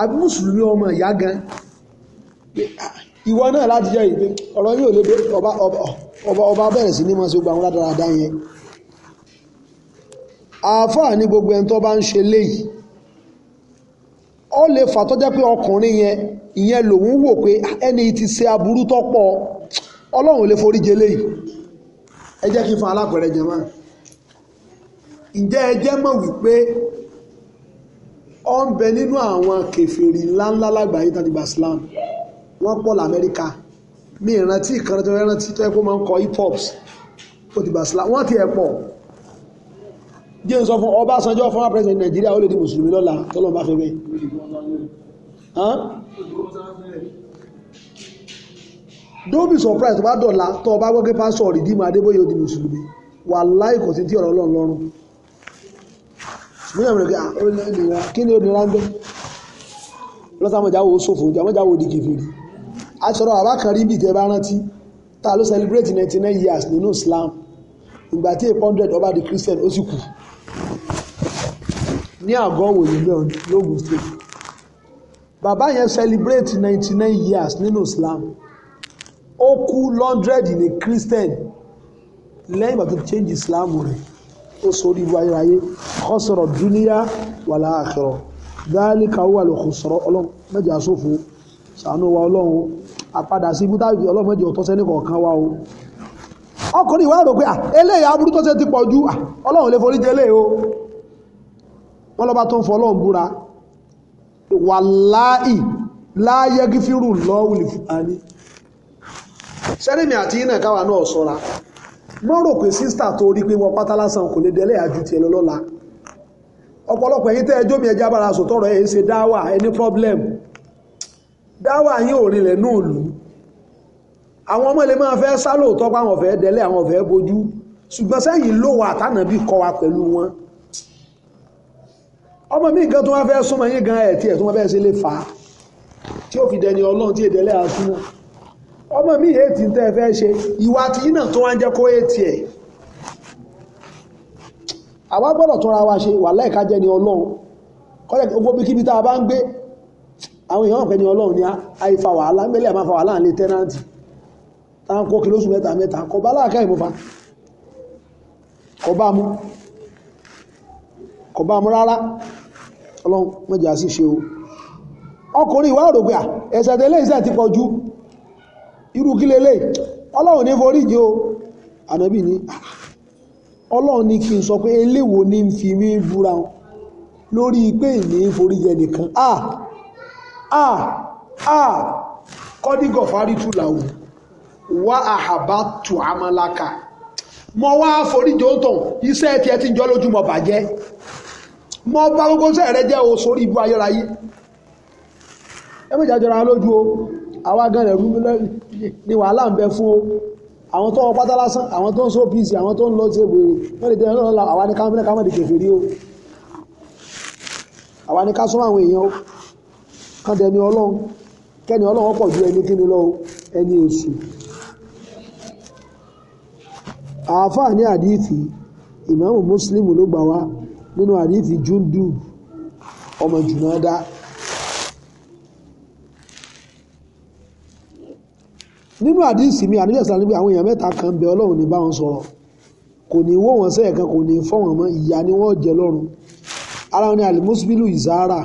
àbí mùsùlùmí ọmọ ìyá gan ìwọ náà láti jẹ́ ìpé ọ̀rọ̀ yóò lè dé ọba bẹ̀rẹ̀ sí ní máa ṣe gbogbo àwọn ládàradà yẹn àáfàá ní gbogbo ẹni tó bá ń ṣe léyìí ó lè fà tó jẹ́ pé ọkùnrin yẹn ìyẹn lòun wò pé ẹni ti ṣe aburú tó pọ̀ ọlọ́run lè forí jẹ léyìí ẹ jẹ́ kí n fa alápẹ̀rẹ̀ jẹ máa ǹjẹ́ ẹ jẹ́ mọ̀ wípé ó ń bẹ nínú àwọn kèfèrí ńláńlá lágbàáyé tàbí gba Islam wọ́n pọ̀ l'Amẹ́ríkà mi ìrántí ìkànnì tó rántí tó yẹ kó máa ń kọ hip hops ó ti baslam. Islam wọ́n ti ẹ̀ pọ̀ jẹ́ ń sọ fún Ọbásanjọ́ fún president Nàìjíríà ó lè di mùsùlùmí lọ́la tọ́lọ́ bá fẹ́ bẹ́ẹ̀ don't be surprised tó bá dọ̀la tó bá gbọ́ pé pásọ̀ Rìdíìmù Adébóyè ó di mùsùlùmí wàláhì kò sí tí ọ̀rọ̀ Ọlọ́run lọ́rùn onye mere gị kí ni olùra ń bẹ sófò ìjà mọ̀já fèrè aṣọ́rọ̀ àbá kan rí rántí a ló celebrate ninety nine years nínú Islam ìgbà tí eight ọba di Christian ó sì kù ní àgọ́ òwòye mẹ́rin lóògùn state bàbá yẹn celebrate ninety years nínú Islam ó kú one ní Christian lẹ́yìn ìgbà change Islam rẹ̀. Right? ó sórí ibu ayérayé khasara dúníyà wal akhirah dhalika huwa al-khusran ọlọ́run mẹ́jọ àsòfò sànú wa ọlọ́run àpadà sí ibú tábìlì ọlọ́run mẹ́jọ tó sẹ́ni kọ̀ọ̀kan wa o ọkùnrin ìwà rò pé ah, eléyà aburú tó ṣe ti pọ̀ ju ah, ọlọ́run lè forí jẹ eléyìí o wọ́n lọ́ba tó ń fọ ọlọ́run búra wàláì láyé gífìrù lọ́wùlì fúnani sẹ́rìmì àti iná káwa náà sọ́ra mọ́ rò pé sísítà tó rí pé wọn pátá lásán kò lè délé àjù tiẹ̀ lọ lọ́la ọ̀pọ̀lọpọ̀ ẹ̀yin tẹ́ ẹjọ́ mi ẹja bára sòtọ́rọ̀ ẹ̀ ṣe dáwà ẹni problem dáwà yín ò rinlẹ̀ náà lù àwọn ọmọ ilé máa fẹ́ sálò tọ́pọ̀ àwọn ọ̀fẹ́ délé àwọn ọ̀fẹ́ bojú ṣùgbọ́n sẹ́yìn ló wà tánàbí kọ́ wa pẹ̀lú wọn ọmọ mi gan tó wá fẹ́ súnmọ́ yín gan ẹ̀ tí ẹ̀ tó wọ́n fẹ́ ṣe lè fà á tí ọmọ mi ètì tẹ́ fẹ́ ṣe ìwà àti yínà tó wá ń jẹ́ kó ètì ẹ̀ gbọ́dọ̀ tún ra wa ṣe wà láìka jẹ́ ni ọlọ́run kọ́lẹ̀ gbogbo bí a bá ń gbé àwọn èèyàn ọ̀pẹ ní ọlọ́run wàhálà ń gbélé wàhálà ní tẹ́nàntì tá kó kí lóṣù mẹ́ta mẹ́ta kọ bá rárá ọlọ́run irú ọlọ́run ní foríjì o ànábì ní ah, ọlọ́run ní kí n sọ pé eléwo ní n fi mí búra wọn lórí pé ìní foríjì ẹnìkan a ah, a ah, a kọ́dígọ̀ fárítù làwọn wá àhàbá tù àmàlàkà mo wá foríjì ó tàn iṣẹ́ tiẹ̀ ti ń jọ́ lójúmọ́ bàjẹ́ mo bá gbogbo sẹ́ẹ̀rẹ́ jẹ́ o sórí ibú ayọ́ra yìí ẹ méjì àjọra lójú o àwa gan rẹ̀ rúmi ní wàhálà ń bẹ fún o àwọn tó ń pátá lásán àwọn tó ń so bíìsì àwọn tó ń lọ sí èbèrè wọ́n lè tẹ́lẹ̀ lọ́la àwa ní kámẹ́rẹ́ kámẹ́rẹ́ kẹfẹ́ rí o àwa ní ká àwọn èèyàn o kán dẹni ọlọ́run kẹ́ni ọlọ́run pọ̀ ju ẹni kíni lọ ẹni èṣù àáfàá ní àdíìtì nínú àdíìsì mi àníjẹ́ sàn níbi àwọn èèyàn mẹ́ta kan bẹ ọlọ́run ní báwọn sọ̀rọ̀ kò ní wó wọn sẹ́yẹ̀ kan kò ní fọ́ wọn mọ́ ìyà ni wọ́n jẹ lọ́run ara wọn ni alimusbilu izara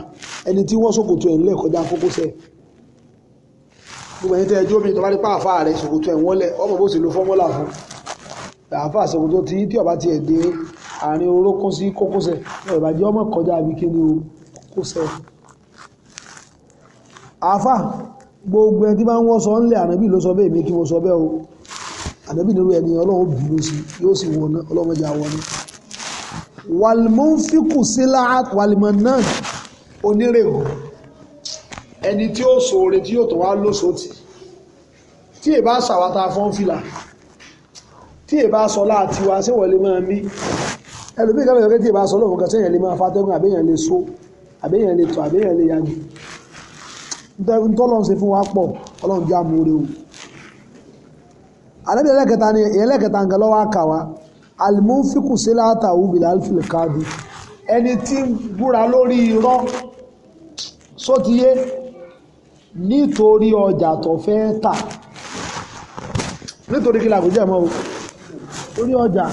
ẹni tí wọ́n ṣòkòtò ẹ̀ ńlẹ̀ kọjá kókósẹ̀ gbogbo ẹni tẹ́ ẹjọ́ obìnrin tó bá ní pààfà rẹ̀ ṣòkòtò ẹ̀ wọ́n lẹ̀ ọmọ bó sì lo fọ́mọ́là fún pààfà ṣòkòtò tí tí ọba ti ẹ̀ dé àárín orókún sí kókósẹ̀ ìbàjẹ́ ọmọ kọjá àbíkí ni kókósẹ̀ àáfà gbogbo ẹni tí bá ń wọ́ sọ ńlẹ̀ ànábì ló sọ bẹ́ẹ̀ mi kí mo sọ bẹ́ẹ̀ o ànábì nínú ẹni ọlọ́run bínú sí yóò sì wọná ọlọ́run jà wọná wàlmọ́nfíkù sílá wàlmọ́nán onírègùn ẹni tí ó ṣoore tí yóò tó wá lóṣòtì tí èbá ṣàwátà fọ́nfìlà tí èbá sọ láti wá sí wọlé máa mí ẹlòmíì kan lè sọ pé sọ lóhùn kan tọ́lọ́n ṣe fún wa pọ̀ ọlọ́run jẹ́ àmúre o àlẹ́bí ẹlẹ́kẹta ni ẹlẹ́kẹta nǹkan lọ́wọ́ àkàwá alimufiku síláàtà ubìlà alfilkadi ẹni tí ń búra lórí irọ́ sótiyé nítorí ọjà tó fẹ́ tà nítorí kí làkójẹ́ mọ́ o torí ọjà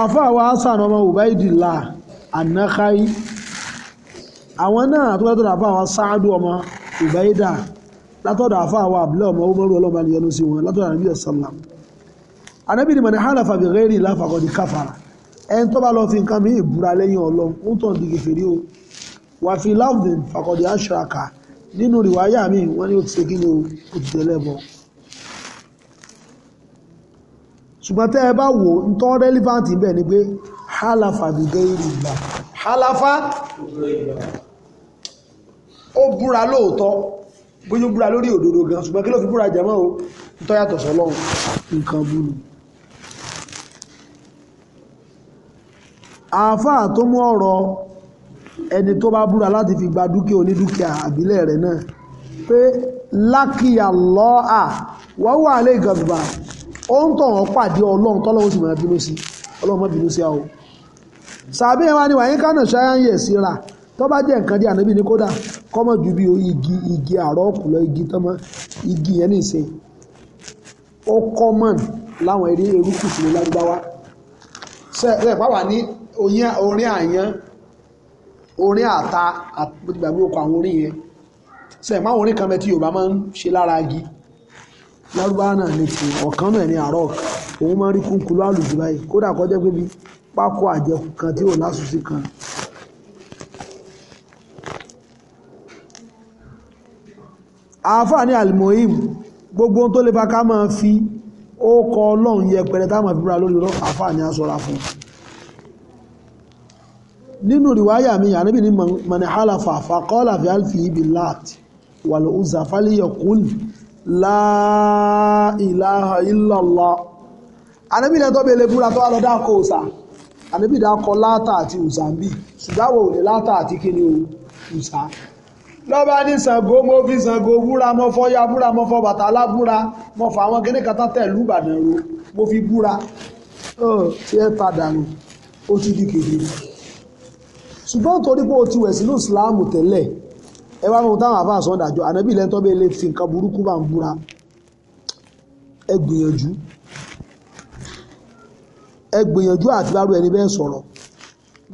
àfáà wa sànà ọmọ ubaidillah anakai àwọn náà tó látọ̀dọ̀ àfà àwọn sáádù ọmọ ìbáyídà látọ̀dọ̀ àfà àwọn àbúlẹ̀ ọmọ umaru ọlọ́mọ ni yẹnu sí wọn látọ̀dọ̀ àníbí ọ̀sánlá anábì ni mọ̀nà hálà fàbí rẹ́rì láfàkọ́ di káfàrà ẹn tó bá lọ fi nǹkan mi ìbúra lẹ́yìn ọlọ́run ó tàn di kèfèrí o wà fi láwùdìn fàkọ́dì ashraka nínú rìwáyà mi wọ́n ní ó kí ni ó ti tẹ́lẹ̀ bọ́ ṣùgbọ́n tẹ́ ẹ bá wò ń tọ́ relevant bẹ́ẹ̀ ni pé hálà fàbí rẹ́rì lá hálà ó búra lóòótọ́ bóyá búra lórí òdodo gan ṣùgbọ́n kí ló fi búra jẹmọ́ o tó yàtọ̀ nǹkan búrú àáfàá tó mú ọ̀rọ̀ ẹni tó bá búra láti fi gba dúkìá onídúkìá àbílẹ̀ rẹ̀ náà pé lákìyà lọ́à wọ́n wà ó ń pàdé ọlọ́run sì bínú sí ọlọ́run bínú sí àwọn sàbí ẹ̀ wá kánà ṣáyà ń tó bá jẹ́ nǹkan díẹ̀ ànábì ní kódà kọ́mọ̀ ju bí igi igi àrọ́ọ̀kù lọ igi tọ́mọ igi yẹn ní ìsìn ó kọ́mọ̀n láwọn eré erékùsù ló lágbáwá ṣe pàwà ní orin àyán orin àta àgbàgbé okò àwọn orin yẹn ṣe pàwà orin kan mẹ́tí Yorùbá máa ń ṣe lára igi lárúbáwá náà ní ti ọ̀kan náà ní àrọ́ọ̀kù òun máa ń rí kúnkún lálùjù báyìí kódà kọjá pé bí pákó àjẹkù kan tí ò lásùsí kan àáfàá ní alimohim gbogbo tó lè fa ká máa fi ó kọ ọlọ́run yẹpẹrẹ táwọn fi búra lórí ọ̀rọ̀ àáfàá ní aṣọra fún nínú ìwáyà mi àníbì ní manihalafa fàkọ́lá fi alfi ibi láti wà lọ́dá kò sà àníbì dákọ látà lọ́ba ní Ṣàngó mo fi Ṣàngó búra mo fọ́ ya búra mo fọ́ Bàtálá búra mo fọ́ àwọn kíní kan tán tẹ̀lú Ìbàdàn ro mo fi búra tí ẹ padà nù ó ti di kejì ṣùgbọ́n torí pé o ti wẹ̀ sínú ìsìláàmù tẹ́lẹ̀ ẹ wá mọ táwọn àfáà sọ dájọ́ ànábì lẹ́ńtọ́ bẹ́ẹ̀ lè fi nǹkan burúkú bá ń búra ẹ gbìyànjú ẹ gbìyànjú àti bá rú ẹni bẹ́ẹ̀ sọ̀rọ̀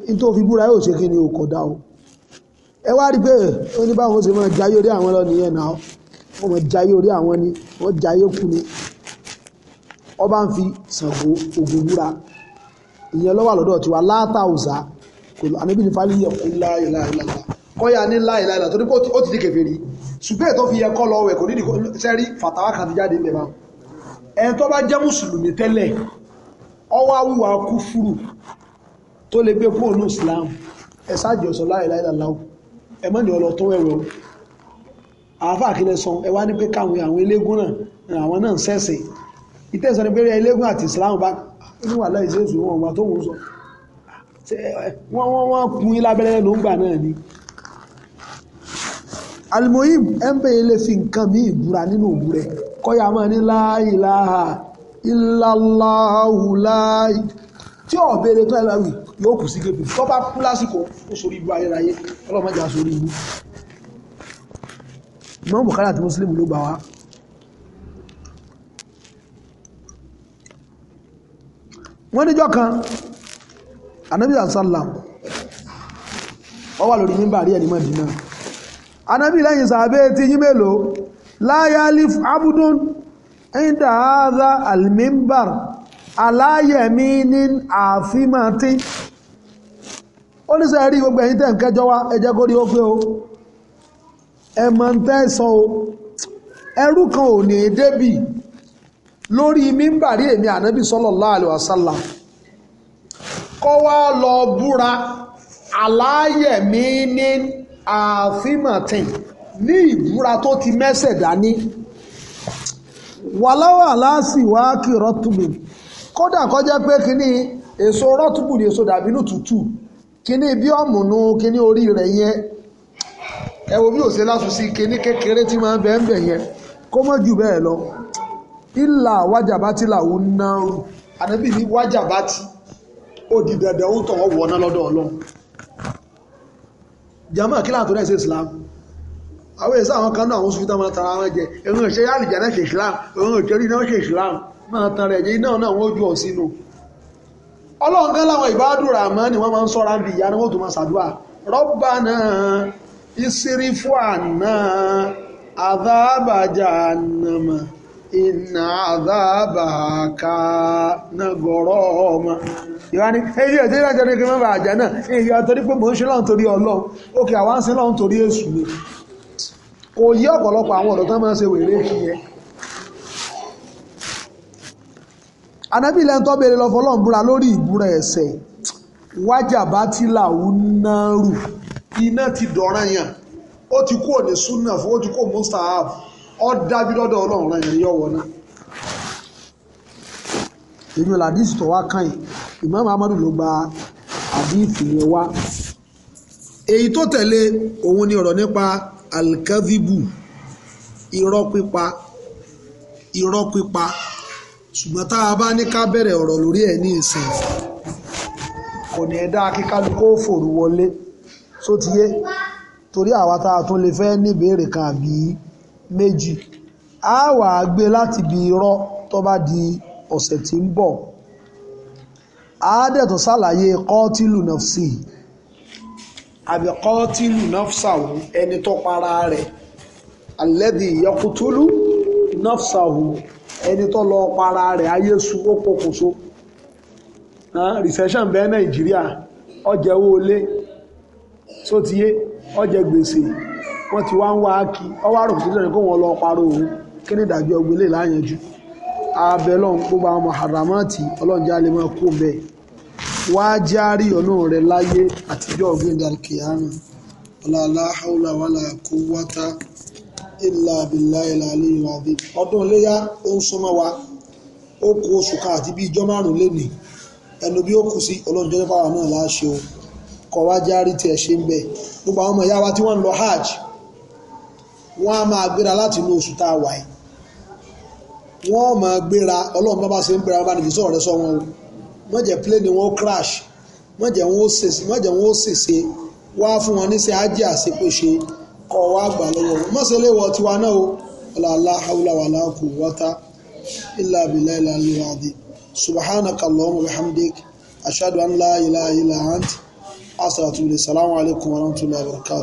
nítorí fi búra yóò ṣe kí ni ò kọ̀dá o ẹ wá rí i pé eh, ó ní báwọn ṣe máa jayé orí àwọn lọ nìyẹn náà wọ́n máa jayé orí àwọn ni wọ́n jayé kú ni ọba ń fi Ṣàngó Ògún búra ìyẹn lọ́wọ́ àlọ́dọ̀ tiwa látàwùsà kò lọ àníbi ní fálí yẹ kó láìláìláìlá kọ́yà ní láìláìlá torí pé ó ti di kèfèrí ṣùgbọ́n ètò fi yẹ kọ́ lọ wẹ̀ kò nídìí sẹ́rí fàtàwà kan ti jáde mẹ́ma ẹni tó bá jẹ́ mùsùlùmí tẹ́lẹ̀ ọwọ́ awúwa kúfúrù tó lè gbé fóònù Islam ẹ̀ sáàjì ọ̀sán láìláìláìlá ẹ mọ́ ní ọlọ tó wẹ̀wẹ̀ o àáfà kílẹ̀ san ẹ wá ní pé káwọn àwọn eléégún náà àwọn náà ń sẹ̀sìn ìtẹ̀sọ́ ni pé eléégún àti Islam bá níwà láì sí èsù wọn ọgbà tó wọ́n sọ wọ́n wọ́n wọ́n kún in lábẹ́rẹ́ ló náà ni alimoyim ẹ̀mbẹ̀ ilé fi nǹkan mí ìbúra nínú òbú rẹ̀ kọ́yà máa ní láìláha ìlàláhùláì tí ọ̀bẹ̀rẹ̀ tó ẹ̀láwì yóò kù sí gèpè tó bá kú lásìkò ó sórí ibú ayérayé ọlọ́mọ ìjà sórí ibú ìmọ̀ bùkárà àti muslim ló gbà wá wọ́n níjọ́ kan anábì sallam ó wà lórí mímbà rí ẹni Mádínà anábì lẹ́yìn sàbẹ́ tí yí mélòó láyálif abudun inda hadha almimbar aláyẹ̀mí ní àfímàtí ó ní sọ ẹ̀rí gbogbo ẹ̀yin tẹ̀ ń kẹjọ wá ẹ jẹ́ ó pé o ẹ mọ̀ ń tẹ́ sọ o ẹrú kan ò ní débì lórí mímbàrí èmi ànábì sallallahu alaihi wasallam kọ́ wá lọ búra aláyẹ̀mí ní àfímọ̀tìn ní ìbúra tó ti mẹ́sẹ̀ dání wàláwà láàsì wá kí rọ́tùbù kódà kọjá pé kínní èso rọ́tùbù ní èso dàbínú tútù kíní bí ọ̀mùnú kíní orí rẹ̀ yẹn ẹ wo bí ò ṣe lásù sí kíní kékeré tí máa ń bẹ̀ ń bẹ̀ yẹn kó mọ̀ jù bẹ́ẹ̀ lọ ìlà wájàbátì làwọn náà rù ànábì ní wájàbátì ó dandan ó tọ̀wọ́ wọná lọ́dọ̀ ọlọ́run jama kí láàtọ̀ rẹ̀ islam àwọn èsà àwọn kan náà àwọn sùfítà máa tara wọn jẹ ẹ̀rùn ìṣẹ́ yálìjà náà ṣe islam ẹ̀rùn ìṣẹ́rí náà ṣe islam máa tara ẹ̀jẹ̀ iná náà wọ́n jù ọ̀ sínú ọlọ́run gan láwọn ìbádùn ràmọ́ ni wọ́n máa ń sọ́ra bí ìyá ni wọ́n tó máa ṣàdúrà rọ́bà náà ìṣírí fún àná àdábàjá nàmà iná àdábàká nàgọ̀rọ̀ ọmọ ìwà ni èyí ẹ̀jẹ̀ ìrìnàjò ní kí wọ́n bá àjẹ́ náà èyí àtọ́rí pé mò ń ṣe lọ́run torí ọlọ́run ókè àwọn ń ṣe lọ́run torí èṣù ni kò yí ọ̀pọ̀lọpọ̀ anábì lẹ́yìn tó béèrè lọ fọlọ́n búra lórí ìbúra ẹ̀ṣẹ̀ wájà bá ti làwù náà rù iná ti dọ̀ràn yàn ó ti kú òní súnà fún ó ti kú mustahab ó dábí lọ́dọ̀ ọlọ́run rẹ̀ yẹn yọ̀wọ̀ náà. èmi ò làdíìsì tó wá kàn yìí Imam ló gba àdíìsì yẹn wá. èyí tó tẹ̀lé òun ni ọ̀rọ̀ nípa alkavibu irọ́ pípa irọ́ pípa ṣùgbọ́n tá a bá ní ká bẹ̀rẹ̀ ọ̀rọ̀ lórí ẹ̀ ní ìsìn kò ní ẹ̀dá kíkálukó fòrú wọlé sótìyé torí àwa tá a tún lè fẹ́ níbèrè kan àbí méjì a wà á gbé láti ibi irọ́ tó bá di ọ̀sẹ̀ tí ń bọ̀ a dẹ̀ tó ṣàlàyé kọ́tìlù nọ́fsì àbí kọ́tìlù nọ́fsàwù ẹni tó para rẹ̀ alẹ́dì yọkùtùlù nọ́fsàwù ẹni tó lọ para rẹ̀ ayéṣu ó pokùnso recession bẹ́ẹ̀ nàìjíríà ọjẹ́ owó olé sótiyé ọjẹ́ gbèsè wọ́n ti wá ń wá kí ọwọ́ àrùn tó dẹ̀rẹ̀ kó wọ́n lọ parọ́ òun kí ní ìdájọ́ ọgbẹ́lẹ̀ láyẹnjú abẹ́ lọ́n gbogbo àwọn maharamati ọlọ́njẹ́ alẹ́ kó bẹ́ẹ̀ wá ọ̀nà rẹ̀ láyé àtijọ́ ọ̀gbìn ọ̀làlá haúlà wàlà kó ìlà àbìlà ìlà àlè ìlà àbí ọdún iléyà ó ń súnmọ́ wa ó kù oṣù kan àti bíi ijọ́ márùn-ún lénìí ẹnu bí ó kù sí ọlọ́njọ́ tó báwa náà láṣẹ o kọ̀ wá járí tiẹ̀ ṣe ń bẹ̀ gbogbo àwọn ọmọ ìyá wa tí wọ́n ń lọ hajj wọ́n á máa gbéra láti inú oṣù tá a wà yìí wọ́n máa gbéra ọlọ́run bá bá ṣe ń gbéra wọn bá nìfi sọ̀rọ̀ rẹ sọ wọn o wọ́n jẹ́ plane wọn ó crash wọ́n jẹ́ wọn ó ṣèṣe wọ́n á fún wọn níṣẹ́ ajé àṣepéṣe kọ́ wa gbà lọ́wọ́ mọ́sẹ̀lẹ̀ wọ tiwa náà o ọ̀làlá haúlá wà láàkú wọ́tá ilà abilà ilà alìlà àdè subhanaka allahumma bihamdik ashhadu an la ilaha illa ant asàtúlẹ̀ salamu alaykum wa rahmatulahi wa barakatuh.